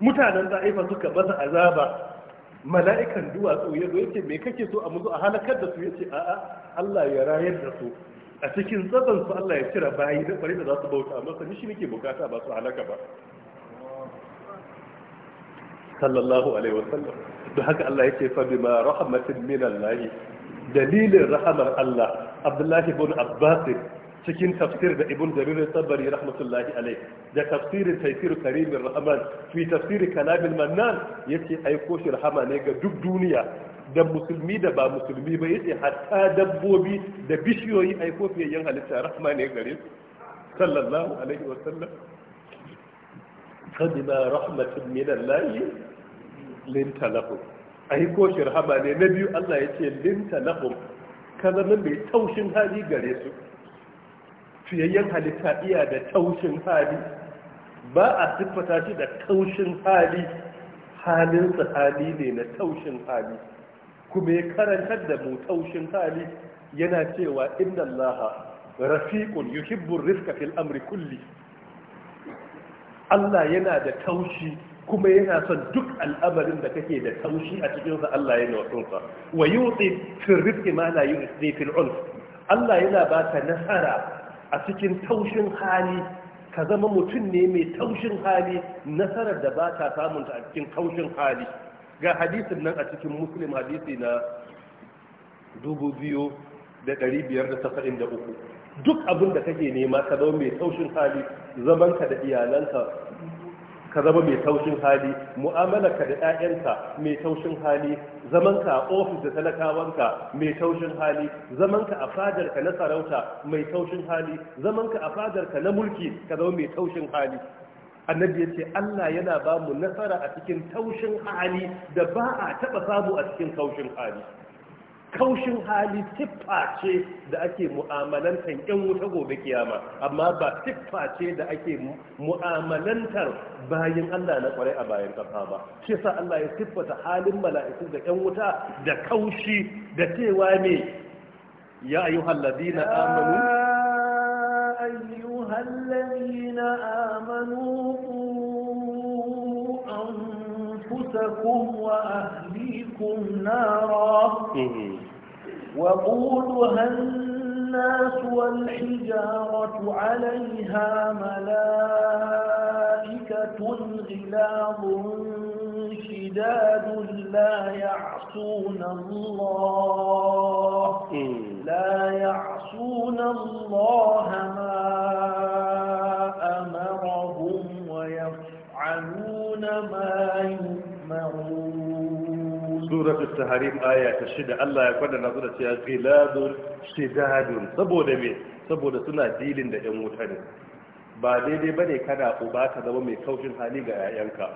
mutanen za'ifa suka masa azaba mala'ikan duwatsu ya zo yake mai kake so a musu a halakar da su ya ce? a'a Allah ya rayar da su a cikin tsaban su Allah ya cira bayi da kwari da za su bauta masa ni shi nake bukata ba su halaka ba sallallahu alaihi wasallam don haka Allah ya ce fa bima rahmatin min Allah dalilin rahamar Allah Abdullahi ibn Abbas cikin tafsir da Ibn Jarir Tabari rahmatullahi alayh da tafsirin Tafsir Karim Rahman fi tafsir Kalam al-Mannan yace aiko shi rahama ne ga duk duniya da musulmi da ba musulmi ba yace hatta dabbobi da bishiyoyi aiko fiyayyen halitta rahama ne gare su sallallahu alaihi wa sallam فبما رحمة من الله linta lahum ai ko shirhaba ne na biyu Allah ya ce linta lahum ka nan mai taushin hali gare su fiyayyen halitta iya da taushin hali ba a siffata shi da taushin hali halinsa hali ne na taushin hali kuma ya karantar da mu taushin hali yana cewa inda Allah rafiqun yuhibbu rifqa fil amri kulli Allah yana da taushi kuma yana son duk al'amarin da kake da taushi a cikin sa Allah ya wato ka wa yuti fi rizqi ma la yuti fi unf Allah yana ba baka nasara a cikin taushin hali ka zama mutum ne mai taushin hali nasarar da ba ta samun a cikin taushin hali ga hadisin nan a cikin muslim hadisi na uku. duk abin da kake nema ka zama mai taushin hali zamanka da iyalanka ka zama mai taushin hali mu'amalarka da 'ya'yanka mai taushin hali zamanka a ofis da talakawanka mai taushin hali zamanka a fadarka na sarauta mai taushin hali zamanka a fadarka na mulki ka zama mai taushin hali annabi ya ce Allah yana ba mu nasara a cikin taushin hali da ba a taɓa samu a cikin taushin hali kaushin hali siffa ce da ake mu'amalantar yan wuta gobe kiyama amma ba siffa ce da ake mu'amalantar bayan Allah na kwarai a bayan kafa ba shi sa Allah ya siffata halin mala'iku da yan wuta da kaushi da cewa ne ya ayu ladina amanu ayyuhal ladina amanu أنفسكم وأهليكم نارا وقولها الناس والحجارة عليها ملائكة غلاظ شداد لا يعصون الله لا يعصون الله ما أمرهم ويفعلون ما يؤمرون سوره التحريم aya ta shida Allah ya kwada غلاد da cewa مي shidadun سنا me saboda suna dilin da yan wuta ne ba daidai bane kana uba zama mai kaushin hali ga yayanka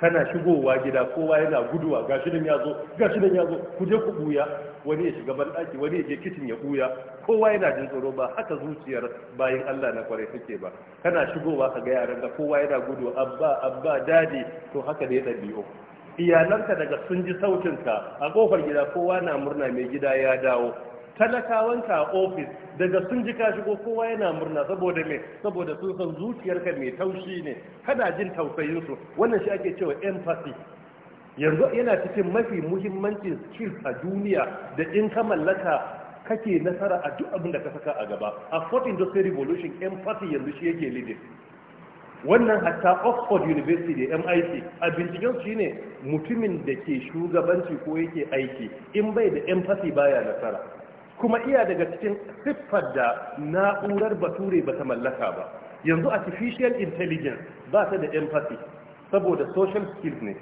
kana shigowa gida kowa yana guduwa gashi nan yazo gashi nan yazo ku je ku buya wani ya shiga bandaki wani ya je kitchen ya buya kowa yana jin tsoro ba haka zuciyar bayin Allah na kware take ba kana shigowa ka ga yaran ka kowa yana guduwa, abba abba dadi to haka ne dabi'u iyalanka daga sun ji sautinka a kofar gida kowa na murna mai gida ya dawo talakawanka a ofis daga sun ji ka shigo kowa yana murna saboda me saboda sun san zuciyarka mai taushi ne kana jin tausayinsu wannan shi ake cewa empathy yanzu yana cikin mafi muhimmancin skills a duniya da in ka mallaka kake nasara a duk abin da ka saka a gaba a fourth industrial revolution empathy yanzu shi yake leading wannan hatta oxford university da mit a binciken su ne mutumin da ke shugabanci ko yake aiki in bai da empathy baya nasara kuma iya daga cikin siffar da na'urar bature ba ta mallaka ba yanzu artificial intelligence ba ta da empathy saboda social skills ne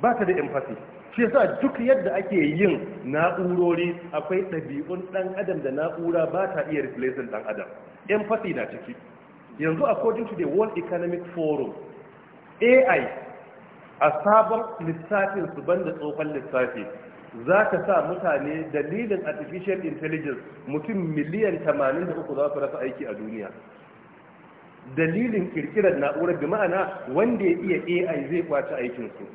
ba ta da empathy shi yasa duk yadda ake yin na'urori akwai ɗabi'un ɗan adam da na'ura ba ta iya replacing ɗan adam empathy na ciki yanzu according to the world economic forum ai a sabon lissafin su banda tsohon lissafi za ka sa mutane dalilin artificial intelligence mutum miliyan 83 za su rasa aiki a duniya dalilin kirkirar na'urar bi ma'ana wanda ya iya ai zai kwace aikinsu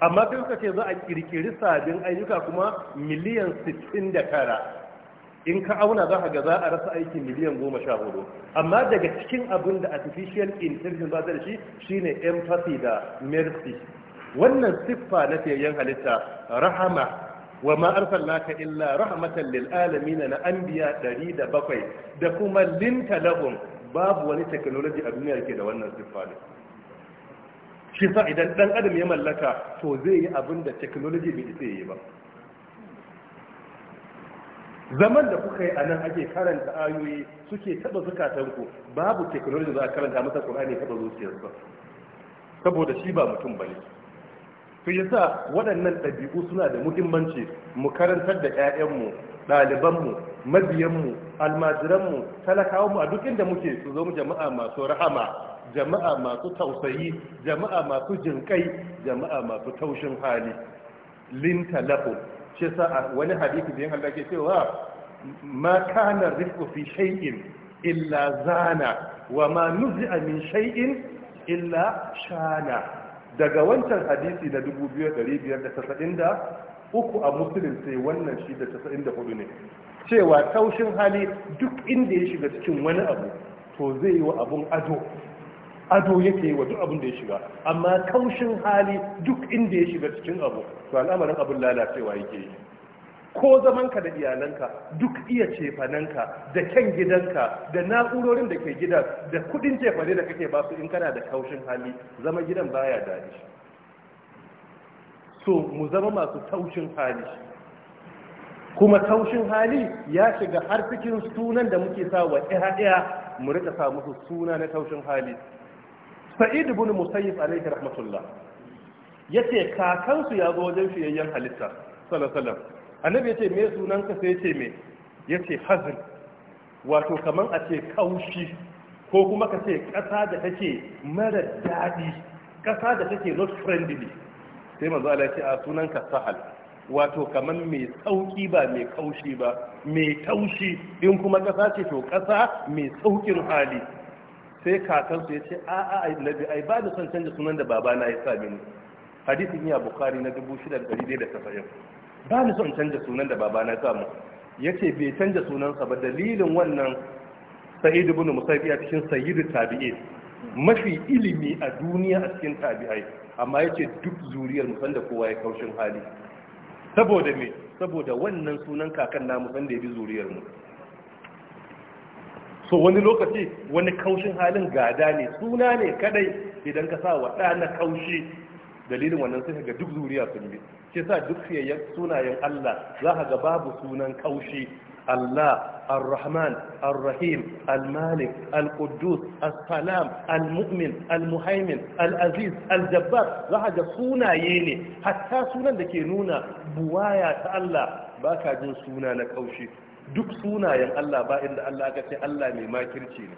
amma kai suka ce za a kirkiri sabbin ayyuka kuma miliyan 69 in ka auna za ka ga za a rasa aikin miliyan goma sha hudu amma daga cikin abin da artificial intelligence ba da shi shine empathy da mercy wannan siffa na fiyayyen halitta rahama wa ma arsalnaka illa rahmatan lil alamin na anbiya 107 da bakwai da kuma linta lahum babu wani technology a duniya ke da wannan siffa ne shi sa idan dan adam ya mallaka to zai yi abin da technology bai isa yi ba zaman da kuka yi a nan ake karanta ayoyi suke taba zukatanku babu teknoloji za a karanta masa ƙulani taba ba saboda shi ba mutum bane yi sa waɗannan ɗabi'u suna da muhimmanci mu karantar da 'ya'yanmu ɗalibanmu mabiyanmu almajiranmu talakawanmu a duk inda muke su zama jama'a masu rahama jama'a masu tausayi jama'a masu jinƙai jama'a masu taushin hali linta shi sa wani hadisi da yin Allah ke cewa ma kana rizqu fi shay'in illa zana wa ma nuzi'a min shay'in illa shana daga wancan hadisi na 2593 uku a musulun sai wannan shi da 94 ne cewa taushin hali duk inda ya shiga cikin wani abu to zai yi wa abun ado ado yake wa duk abin da ya shiga amma kaushin hali duk inda ya shiga cikin abu to al'amarin abin lalacewa yake yi ko zamanka da iyalanka duk iya cefananka da kyan gidanka da na'urorin da ke gida da kudin cefane da kake basu in kana da kaushin hali zama gidan baya daɗi so mu zama masu taushin hali kuma taushin hali ya shiga har cikin sunan da muke sa wa ɗaya mu rika sa musu suna na taushin hali sa'id bin musayyib alayhi rahmatullah ya yace kakansu ya zo wajen fiyayyen halitta salasalam alaihi wasallam annabi yace me sunanka sai ce me ce hazin wato kamar a ce kaushi ko kuma ka ce ƙasa da take mara daɗi ƙasa da take not friendly sai manzo Allah ya ce a sunanka sahal wato kamar mai sauki ba mai kaushi ba mai taushi in kuma ƙasa ce to ƙasa mai saukin hali sai kakansu ya ce a a a labi ai ba da son canza sunan da babana ya sa mini hadisin ya bukari na 6170 ba ni son canza sunan da babana na samu Ya ce bai canza sunansa ba dalilin wannan Sa'idu ibn musaifi a cikin sayyidu tabi'in mafi ilimi a duniya a cikin tabi'ai amma ya ce duk zuriyar musan da kowa ya kaushin hali saboda me saboda wannan sunan kakan namu san da ya bi zuriyar mu so wani lokaci wani kaushin halin gada ne suna ne kadai idan ka sa wa ɗana na kaushi dalilin wannan sai ga duk zuriya sun bi ke sa duk fiyayyen sunayen Allah za ka ga babu sunan kaushi Allah Ar-Rahman Ar-Rahim Al-Malik Al-Quddus As-Salam Al-Mu'min Al-Muhaimin Al-Aziz Al-Jabbar za ka ga sunaye ne hatta sunan da ke nuna buwaya ta Allah baka jin suna na kaushi duk sunayen Allah ba inda Allah aka ce Allah mai makirci ne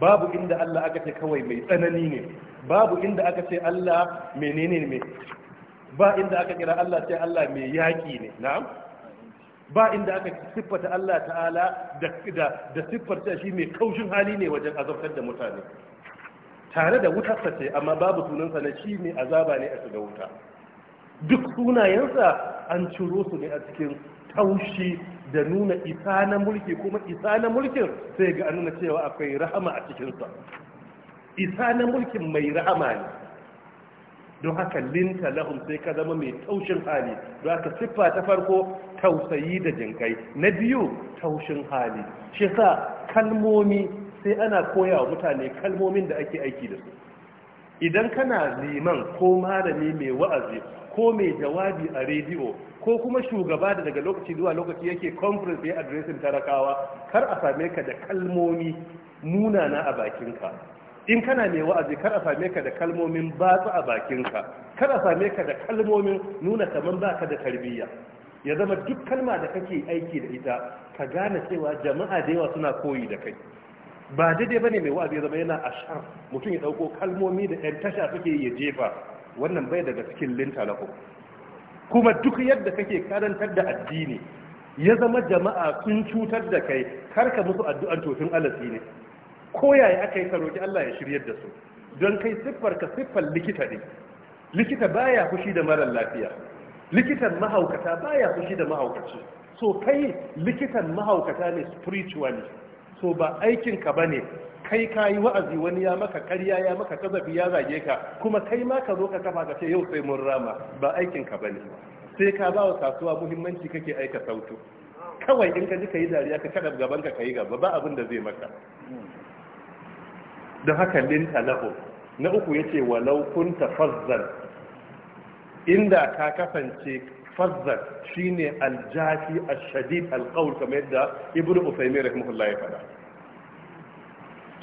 babu inda Allah aka ce kawai mai tsanani ne babu inda aka ce Allah menene ne ba inda aka kira Allah ce Allah mai yaƙi ne na'am ba inda aka siffata Allah ta'ala da da siffarta shi mai kaushin hali ne wajen azabtar da mutane tare da sa ce amma babu sunansa na shi ne azaba ne a shiga wuta duk sunayensa an ciro su ne a cikin taushi da nuna isa na mulki kuma isa na mulkin sai ga nuna cewa akwai rahama a sa isa na mulkin mai rahama ne don haka linta lahum sai ka zama mai taushin hali don haka siffa ta farko tausayi da jinkai na biyu taushin hali shi sa kalmomi sai ana koya wa mutane kalmomin da ake aiki da su idan kana liman ko malami mai wa'azi ko mai jawabi a rediyo ko kuma shugaba da daga lokaci zuwa lokaci yake conference ya addressin tarakawa kar a same ka da kalmomi munana a bakinka in kana mai wa'azi kar a same ka da kalmomin batsa a bakinka kar a same ka da kalmomin nuna kaman baka da tarbiyya ya zama duk kalma da kake aiki da ita ka gane cewa jama'a da yawa suna koyi da kai ba daidai ba ne mai wa'azi zama yana shan mutum ya ɗauko kalmomi da 'yan tasha suke ya jefa wannan bai daga cikin linta na ku kuma duk yadda kake karantar da addini ya zama jama'a sun cutar da kai karka musu addu'an tofin alasi ne ko yaya aka yi karoki Allah ya shiryar da su don kai siffar ka siffar likita ne likita baya fushi da marar lafiya likitan mahaukata baya fushi da mahaukaci so kai likitan mahaukata ne spiritually to ba aikinka ba ne kai ka yi wa'azi wani ya maka karya ya maka kazafi ya zage ka kuma kai ma ka zo ka kafa ka ce yau sai mun rama ba aikinka ba ne sai ka ba wa kasuwa muhimmanci kake aika sautu kawai in ka ji ka yi dariya ka kaɗa gaban ka yi gaba ba abin da zai maka don haka linta na uku ya ce walau kun tafazzal inda ka kasance fazzar shine aljafi ashadid alqaul kamar yadda ibnu usaymin rahimahullah ya faɗa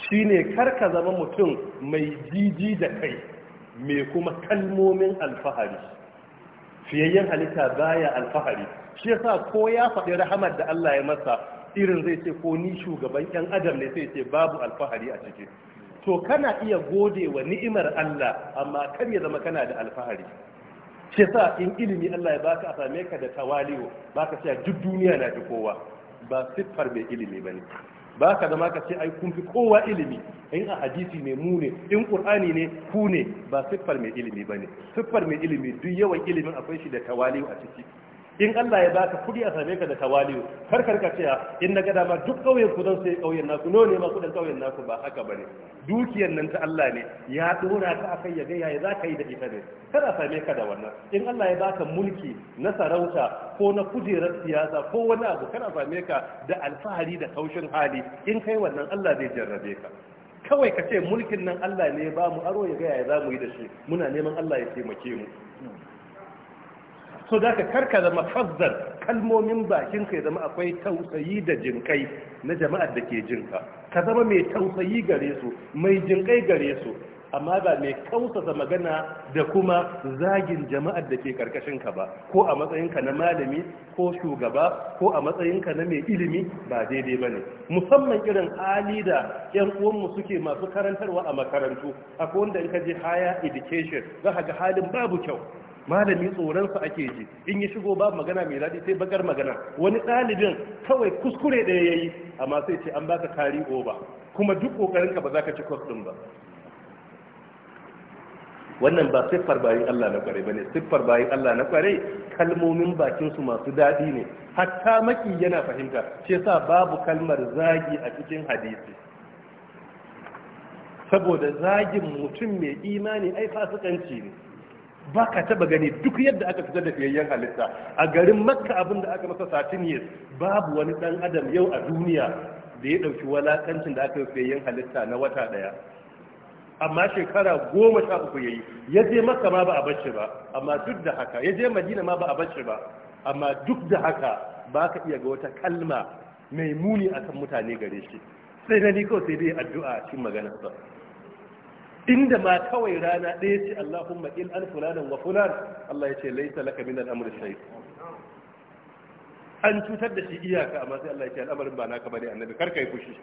shine karka zama mutum mai jiji da kai mai kuma kalmomin alfahari fiyayyen halitta baya alfahari shi yasa ko ya faɗi rahamar da Allah ya masa irin zai ce ko ni shugaban yan adam ne sai ce babu alfahari a ciki to kana iya gode wa ni'imar Allah amma kar ya zama kana da alfahari shi sa in ilimi Allah ya baka a same ka da tawali'u ka cewa duk duniya na ji kowa ba siffar mai ilimi ba ne ba ka zama ka ce ai kun fi kowa ilimi in a hadisi ne mu ne in qur'ani ne ku ne ba siffar mai ilimi ba ne siffar mai ilimi duk yawan ilimin akwai shi da tawali'u a ciki in Allah ya baka kudi a same ka da tawaliyo kar ka cewa in na ga dama duk kauyen ku zan sai kauyen naku no ne ma kudin kauyen naku ba haka bane dukiyar nan ta Allah ne ya dora ta akai ya ga yaya za ka yi da ita ne kar a same ka da wannan in Allah ya baka mulki na sarauta ko na kujerar siyasa ko wani abu kar a same ka da alfahari da kaushin hali in kai wannan Allah zai jarrabe ka kawai ka ce mulkin nan Allah ne ba mu aro ya ga za mu yi da shi muna neman Allah ya taimake mu so da ka karka zama fazzar kalmomin bakinka ya zama akwai tausayi da jinkai na jama'ar da ke jinka ka zama mai tausayi gare su mai jinkai gare su amma ba mai kausasa magana da kuma zagin jama'ar da ke karkashin ka ba ko a matsayinka na malami ko shugaba ko a matsayin ka na mai ilimi ba daidai ba ne musamman irin hali da 'yan uwanmu suke masu karantarwa a makarantu akwai wanda in ka je haya education za ka ga halin babu kyau malami tsoronsa ake ji in ya shigo babu magana mai daɗi sai bakar magana wani ɗalibin kawai kuskure ɗaya ya yi amma sai ce an baka kari oba kuma duk ƙoƙarinka ba za ka ci kwas ɗin ba wannan ba siffar bayan Allah na kware ba ne siffar bayan Allah na kware kalmomin bakinsu masu daɗi ne hatta maki yana fahimta ce sa babu kalmar zagi a cikin hadisi saboda zagin mutum mai imani ai fasikanci ne ba ka taba gani duk yadda aka fitar da fiyayyen halitta a garin makka abin da aka masa satin yes babu wani dan adam yau a duniya da ya dauki walakancin da aka yi fiyayyen halitta na wata daya amma shekara goma sha uku ya yi ya je makka ma ba a bacci ba amma duk da haka ya je madina ma ba a bacci ba amma duk da haka ba ka iya ga wata kalma mai muni a kan mutane gare shi sai na ni kawai sai dai addu'a cikin ba. inda ma kawai rana ɗaya ce Allahumma in an fulanan wa fulan Allah ya ce laisa laka minan al'amr shay an cutar da shi iyaka amma sai Allah ya ce al'amarin ba naka bane annabi kar kai fushi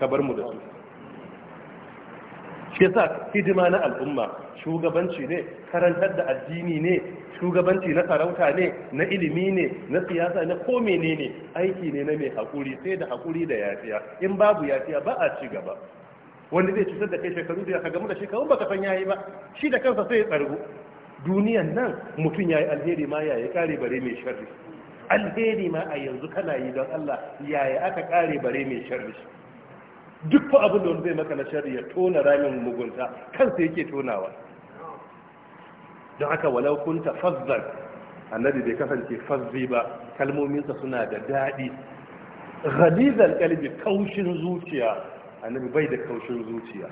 ka bar mu da su shi yasa hidima na al'umma shugabanci ne karantar da addini ne shugabanci na sarauta ne na ilimi ne na siyasa ne ko menene aiki ne na mai hakuri sai da hakuri da yafiya in babu yafiya ba a ci gaba wanda zai cutar da kai shekaru da ka gamu da shekarun baka san yayi ba shi da kansa sai ya tsargu duniyan nan mutum yayi alheri ma yayi kare bare mai sharri alheri ma a yanzu kana yi don Allah yayi aka kare bare mai sharri duk fa abin da wani zai maka na sharri ya tona ramin mugunta kansa yake tonawa don haka walau kunta fazzan annabi bai kasance fazzi ba kalmominsa suna da daɗi ghalizal kalbi kaushin zuciya annabi bai da kaushin zuciya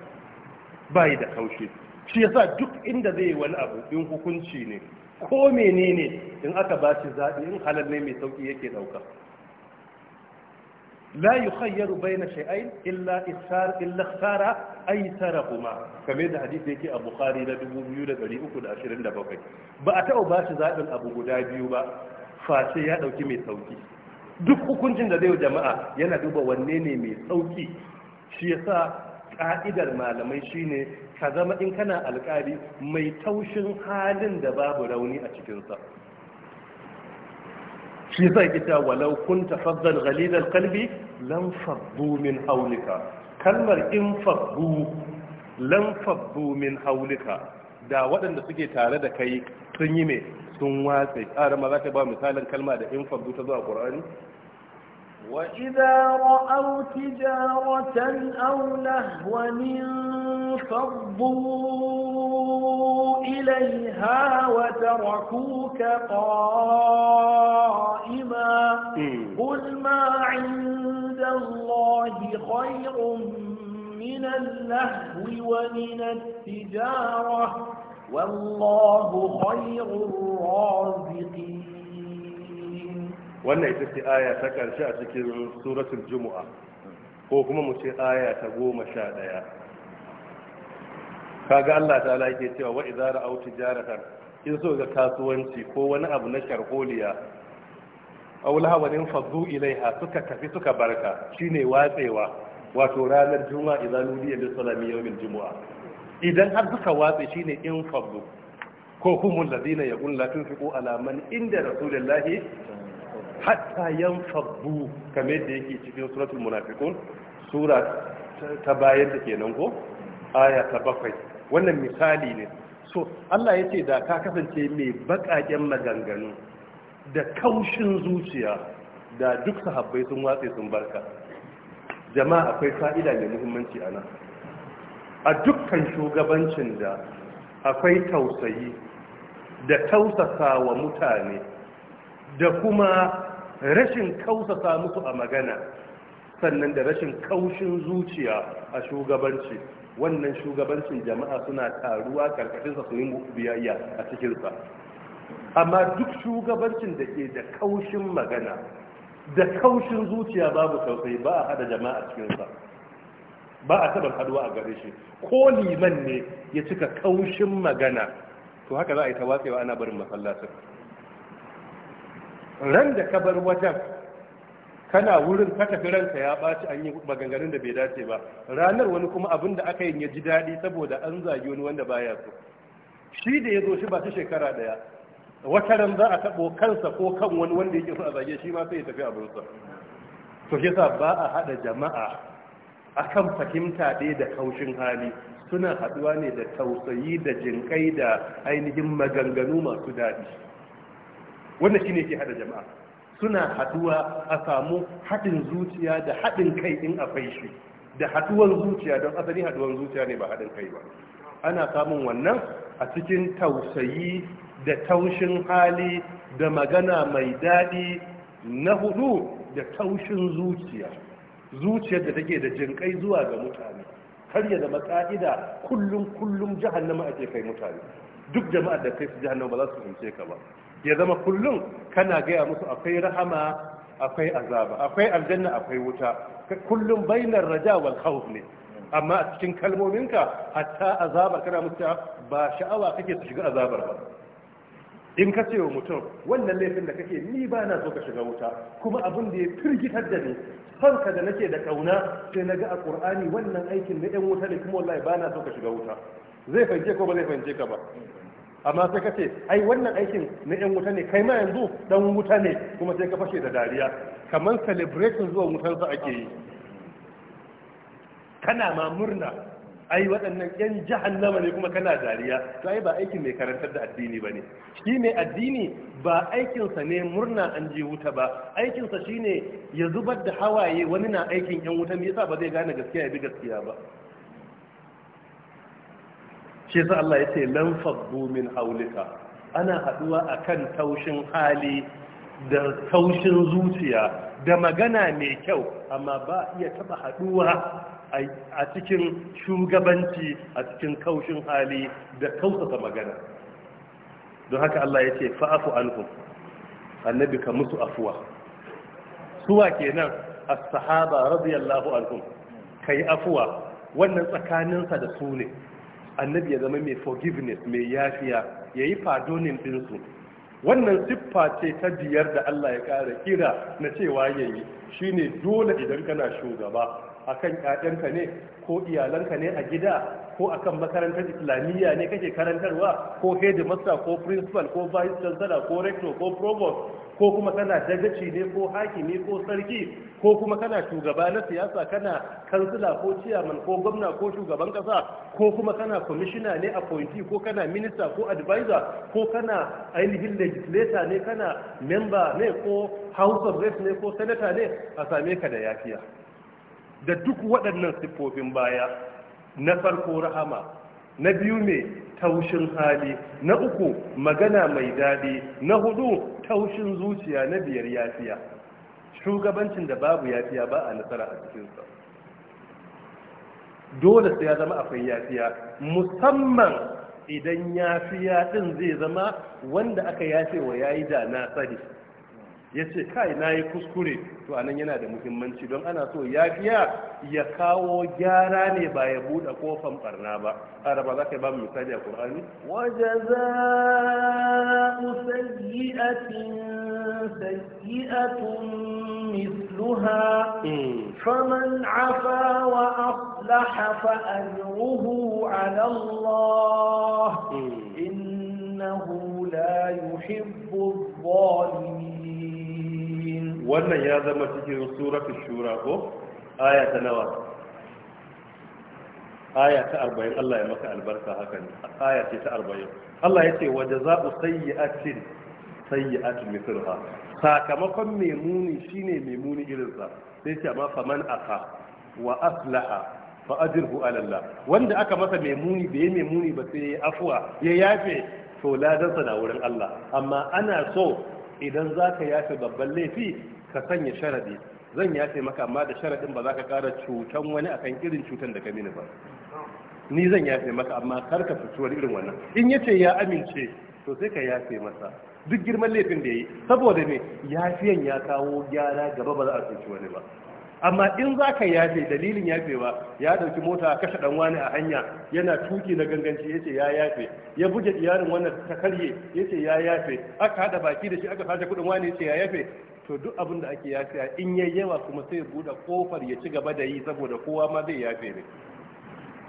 bai da kaushi shi yasa duk inda zai wani abu in hukunci ne ko menene in aka ba shi zaɓi in halal ne mai sauƙi yake ɗauka la yukhayyaru bayna shay'ain illa isar illa khara aysarahuma kamar da hadisi yake a bukhari na 2327 ba a taɓa ba shi zaɓin abu guda biyu ba face ya ɗauki mai sauƙi duk hukuncin da zai jama'a yana duba wanne ne mai sauƙi shi yasa ka'idar malamai shine ka zama in kana alkali mai taushin halin da babu rauni a cikinsa shi zai ita walau kunta faddal ghalidal qalbi lam fabbu min haulika kalmar in fabbu lam fabbu min haulika da waɗanda suke tare da kai sun yi me sun watsa ƙara ma za ta ba misalin kalma da in fabbu ta zuwa qur'ani وإذا رأوا تجارة أو لهوا فاضوا إليها وتركوك قائما قل ما عند الله خير من اللهو ومن التجارة والله خير الرازقين wannan ita ce aya ta karshe a cikin suratul jumu'a ko kuma mu ce aya ta goma sha ɗaya kaga Allah ta yake cewa wa idza ra'aw tijaratan in so ga kasuwanci ko wani abu na sharholiya aw lahawanin faddu ilaiha suka tafi suka barka shine watsewa wato ranar juma'a idza nudiya lis salami jumu'a idan har suka watse shine in faddu ko kuma ladina yaqul la tunfiqu ala man inda rasulillahi hatta fabbu kamar yadda yake cikin suratul munafiqun sura ta bayan da kenan ko aya ta bakwai wannan misali ne so Allah ya ce da ka kasance mai baƙaƙen maganganu da kaushin zuciya da duk sahabbai sun watse sun barka jama'a akwai fa'ida mai muhimmanci a nan a dukkan shugabancin da akwai tausayi da tausasa wa mutane da kuma rashin kausasa musu a magana sannan da rashin kaushin zuciya a shugabanci wannan shugabancin jama'a suna taruwa karkashinsa su yi biyayya a cikinsa amma duk shugabancin da ke da kaushin magana da kaushin zuciya babu tausayi ba a hada jama'a cikinsa ba a taɓa haduwa a gare shi ko liman ne ya cika kaushin magana to haka za a yi ta ana barin masallacin ran da ka bar wajen kana wurin ka tafi ranka ya ɓaci an yi maganganun da bai dace ba ranar wani kuma abin da aka yi ya ji daɗi saboda an zagi wani wanda baya so shi da ya zo shi ba ta shekara ɗaya wata ran za a taɓo kansa ko kan wani wanda yake so a zage shi ma sai ya tafi abinsa to yasa ba a haɗa jama'a akan fahimta ɗaya da kaushin hali suna haɗuwa ne da tausayi da jinƙai da ainihin maganganu masu daɗi wannan shine ke hada jama'a suna haduwa a samu haɗin zuciya da haɗin kai in akwai shi da haduwar zuciya don asali haduwar zuciya ne ba haɗin kai ba ana samun wannan a cikin tausayi da taushin hali da magana mai daɗi na hudu da taushin zuciya zuciyar da take da jinkai zuwa ga mutane har ya zama ka'ida kullum kullum jahannama ake kai mutane duk jama'a da kai su jahannama ba za su fahimce ka ba ya zama kullum kana gaya musu akwai rahama akwai azaba akwai aljanna akwai wuta kullum bainar raja wal khawf ne amma a cikin kalmominka hatta azabar kana musu ba sha'awa kake su shiga azabar ba in ka ce wa mutum wannan laifin da kake ni ba na so ka shiga wuta kuma abin da ya firgitar da ni fanka da nake da kauna sai na ga a qur'ani wannan aikin na yan wuta ne kuma wallahi ba na so ka shiga wuta zai fanke ko ba zai fahimce ka ba amma sai ka ce ai wannan aikin na yan wuta ne kai ma yanzu dan wuta ne kuma sai ka fashe da dariya kamar celebration zuwa wutansa ake yi kana ma murna ai waɗannan yan jahannama ne kuma kana dariya to ai ba aikin mai karantar da addini ba ne shi mai addini ba aikinsa ne murna an je wuta ba aikinsa shine ya zubar da hawaye wani na aikin yan wuta me yasa ba zai gane gaskiya ya bi gaskiya ba shi sa Allah ya ce min haulika ana haduwa akan taushin hali da taushin zuciya da magana mai kyau amma ba iya taba haduwa a cikin shugabanci a cikin kaushin hali da kautata magana don haka Allah ya ce fa'afu anhum annabi ka musu afuwa suwa kenan a sahaba radiyallahu ka yi afuwa wannan tsakaninsa da su ne annabi ya zama mai forgiveness mai yafiya ya yi fadonin ɗinsu wannan siffa ce ta biyar da Allah ya ƙara kira na cewa yayi yi shi dole idan kana shugaba akan ƴaƴanka ne ko iyalanka ne a gida ko a kan makarantar islamiyya ne kake karantarwa ko headmaster ko principal ko vice chancellor ko rector ko provost ko kuma kana dagaci ne ko hakimi ko sarki ko kuma kana shugaba na siyasa kana kansila ko chairman ko gwamna ko shugaban kasa ko kuma kana kwamishina ne appointee ko kana minista ko advisor ko kana ainihin legislator ne kana member ne ko house of reps ne ko senator ne a same ka da yafiya da duk waɗannan siffofin baya na farko rahama na biyu ne taushin hali na uku magana mai daɗi na hudu taushin zuciya na biyar yafiya shugabancin da babu yafiya ba a nasara a cikinsa dole sai ya zama akwai yafiya musamman idan yafiya din zai zama wanda aka yafe wa yayi da na tsari. ya ce kai na yi kuskure to anan yana da muhimmanci don ana so ya fiya ya kawo gyara ne ba ya buɗe kofan barna ba har ba za ka ba mu misali a ƙur'ani wajaza musayyi'atin sayyi'atun misluha hmm. faman afa wa aslaha fa ajruhu ala Allah hmm. innahu la yuhibbu الظالمين wannan ya zama cikin suratul shura ko aya ta nawa aya ta 40 Allah ya maka albarka haka ne aya ce ta 40 Allah ya ce wa jazaa'u sayyi'atin sayyi'atun mithluha sakamakon mai muni shine mai muni irin sa sai ce amma faman afa wa aslaha fa ajruhu ala Allah wanda aka masa mai muni bai mai muni ba sai afwa ya yafe to ladansa na wurin Allah amma ana so idan za ka yafe babban laifi ka sanya sharadi zan yafe maka amma da sharadin ba za ka kara cutan wani akan irin cutan da ka mini ba ni zan yafe maka amma kar ka fituwar irin wannan in yace ya amince to sai ka yafe masa duk girman laifin da yayi saboda me yafiyan ya kawo gyara gaba ba za a cuci wani ba amma in za ka yafe dalilin yafewa ya dauki mota a kashe dan wani a hanya yana tuki na ganganci yace ya yafe ya buge iyalin wannan ta karye yace ya yafe aka hada baki da shi aka fashe kudin wani yace ya yafe to duk abin da ake yafiya in yayi yawa kuma sai buɗe kofar ya ci gaba da yi saboda kowa ma zai yafe ne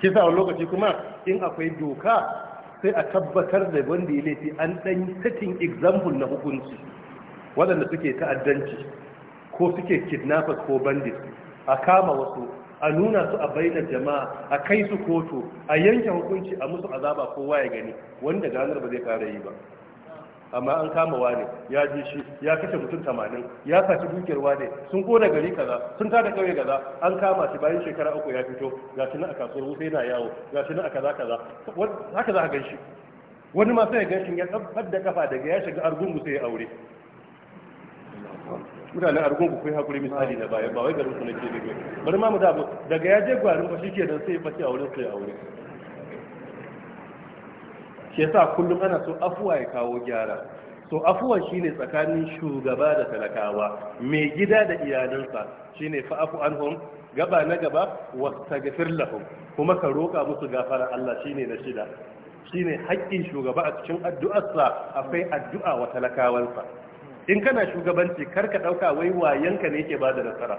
kisa a lokaci kuma in akwai doka sai a tabbatar da wanda ya laifi an ɗan setting example na hukunci waɗanda suke ta'addanci ko suke kidnappers ko bandit a kama wasu a nuna su a bainar jama'a a kai su kotu a yanke hukunci a musu azaba kowa ya gani wanda ganar ba zai kara yi ba amma an kama wane ya ji shi ya kashe mutum tamanin ya saci dukiyar wane sun kona gari kaza sun tada kauye kaza an kama shi bayan shekara uku ya fito ga shi a kasuwar wuta yana yawo ga shi a kaza kaza haka za ka gan shi wani ma sai ya gan shi ya tsabbar da kafa daga ya shiga argungu sai ya aure mutanen argungu kai hakuri misali na baya ba wai garin su nake bige bari ma mu da daga ya je gwarin ba shi kenan sai ya fashi aure sai ya aure shi yasa kullum ana so afuwa ya kawo gyara so afuwa shine tsakanin shugaba da talakawa mai gida da iyalansa shine fa afu anhum gaba na gaba wastaghfir lahum kuma ka roka musu gafara Allah shine na shida shine haƙƙin shugaba a cikin addu'arsa akwai addu'a wa talakawansa in kana shugabanci kar ka dauka wai wayanka ne yake bada nasara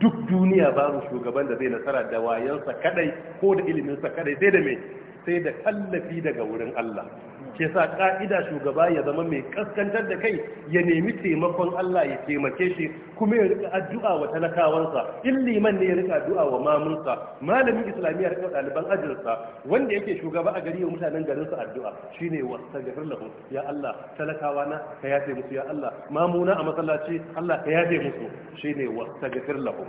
duk duniya babu shugaban da zai nasara da wayansa kadai ko da iliminsa kadai sai da me sai da tallafi daga wurin Allah ke sa ka'ida shugaba ya zama mai kaskantar da kai ya nemi taimakon Allah ya taimake shi kuma ya rika addu'a wa talakawansa in liman ne ya rika addu'a wa mamunsa malamin islamiyya rika ɗaliban ajinsa wanda yake shugaba a gari wa mutanen garinsa addu'a shine wastaghfir lahum ya Allah talakawa na ka yafe musu ya Allah mamuna a masallaci Allah ka yafe musu shine wastaghfir lahum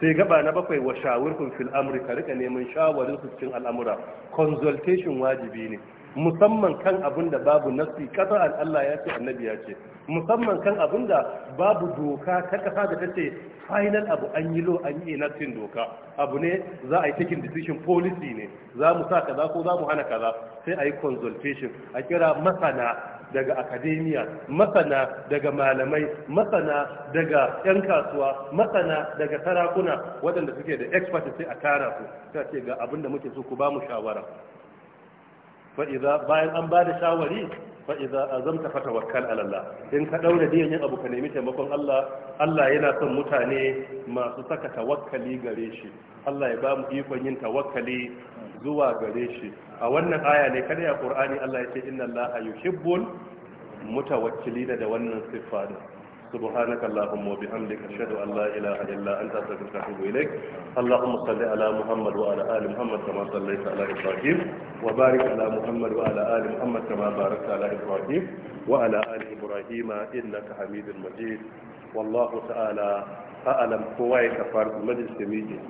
sai gaba na bakwai wa shawirkun fil amurka rika neman shawarin su cikin al'amura consultation wajibi ne musamman kan abin da babu nasi kasar al'alla ya ce annabi ya ce musamman kan abin da babu doka ta kasa da ta ce final abu an yi lo an yi enacting doka abu ne za a yi taking decision policy ne za mu sa kaza ko za mu hana kaza sai a yi consultation a kira masana daga akademiya masana daga malamai masana daga 'yan kasuwa masana daga sarakuna waɗanda suke da expertise sai a tara su ta ce ga abin da muke so ku ba mu shawara fa'iza bayan an ba da shawari fa'iza a zamta fata wakal alalla. in ka ɗaura biyan yin abu ka nemi taimakon Allah Allah yana son mutane masu saka tawakkali gare shi Allah ya ba mu ikon yin tawakkali zuwa gare shi a wannan aya ne kada a qur'ani Allah ya ce inna allaha yuhibbul mutawakkilina da wannan siffa da subhanakallahumma wa bihamdika ashhadu an la ilaha illa anta astaghfiruka wa atubu allahumma salli ala muhammad wa ala ali muhammad kama sallaita ala ibrahim wa barik ala muhammad wa ali muhammad kama barakta ala ibrahim wa ala ali ibrahim innaka hamidul majid wallahu ta'ala a'lam kowa ya kafar majlis kemiji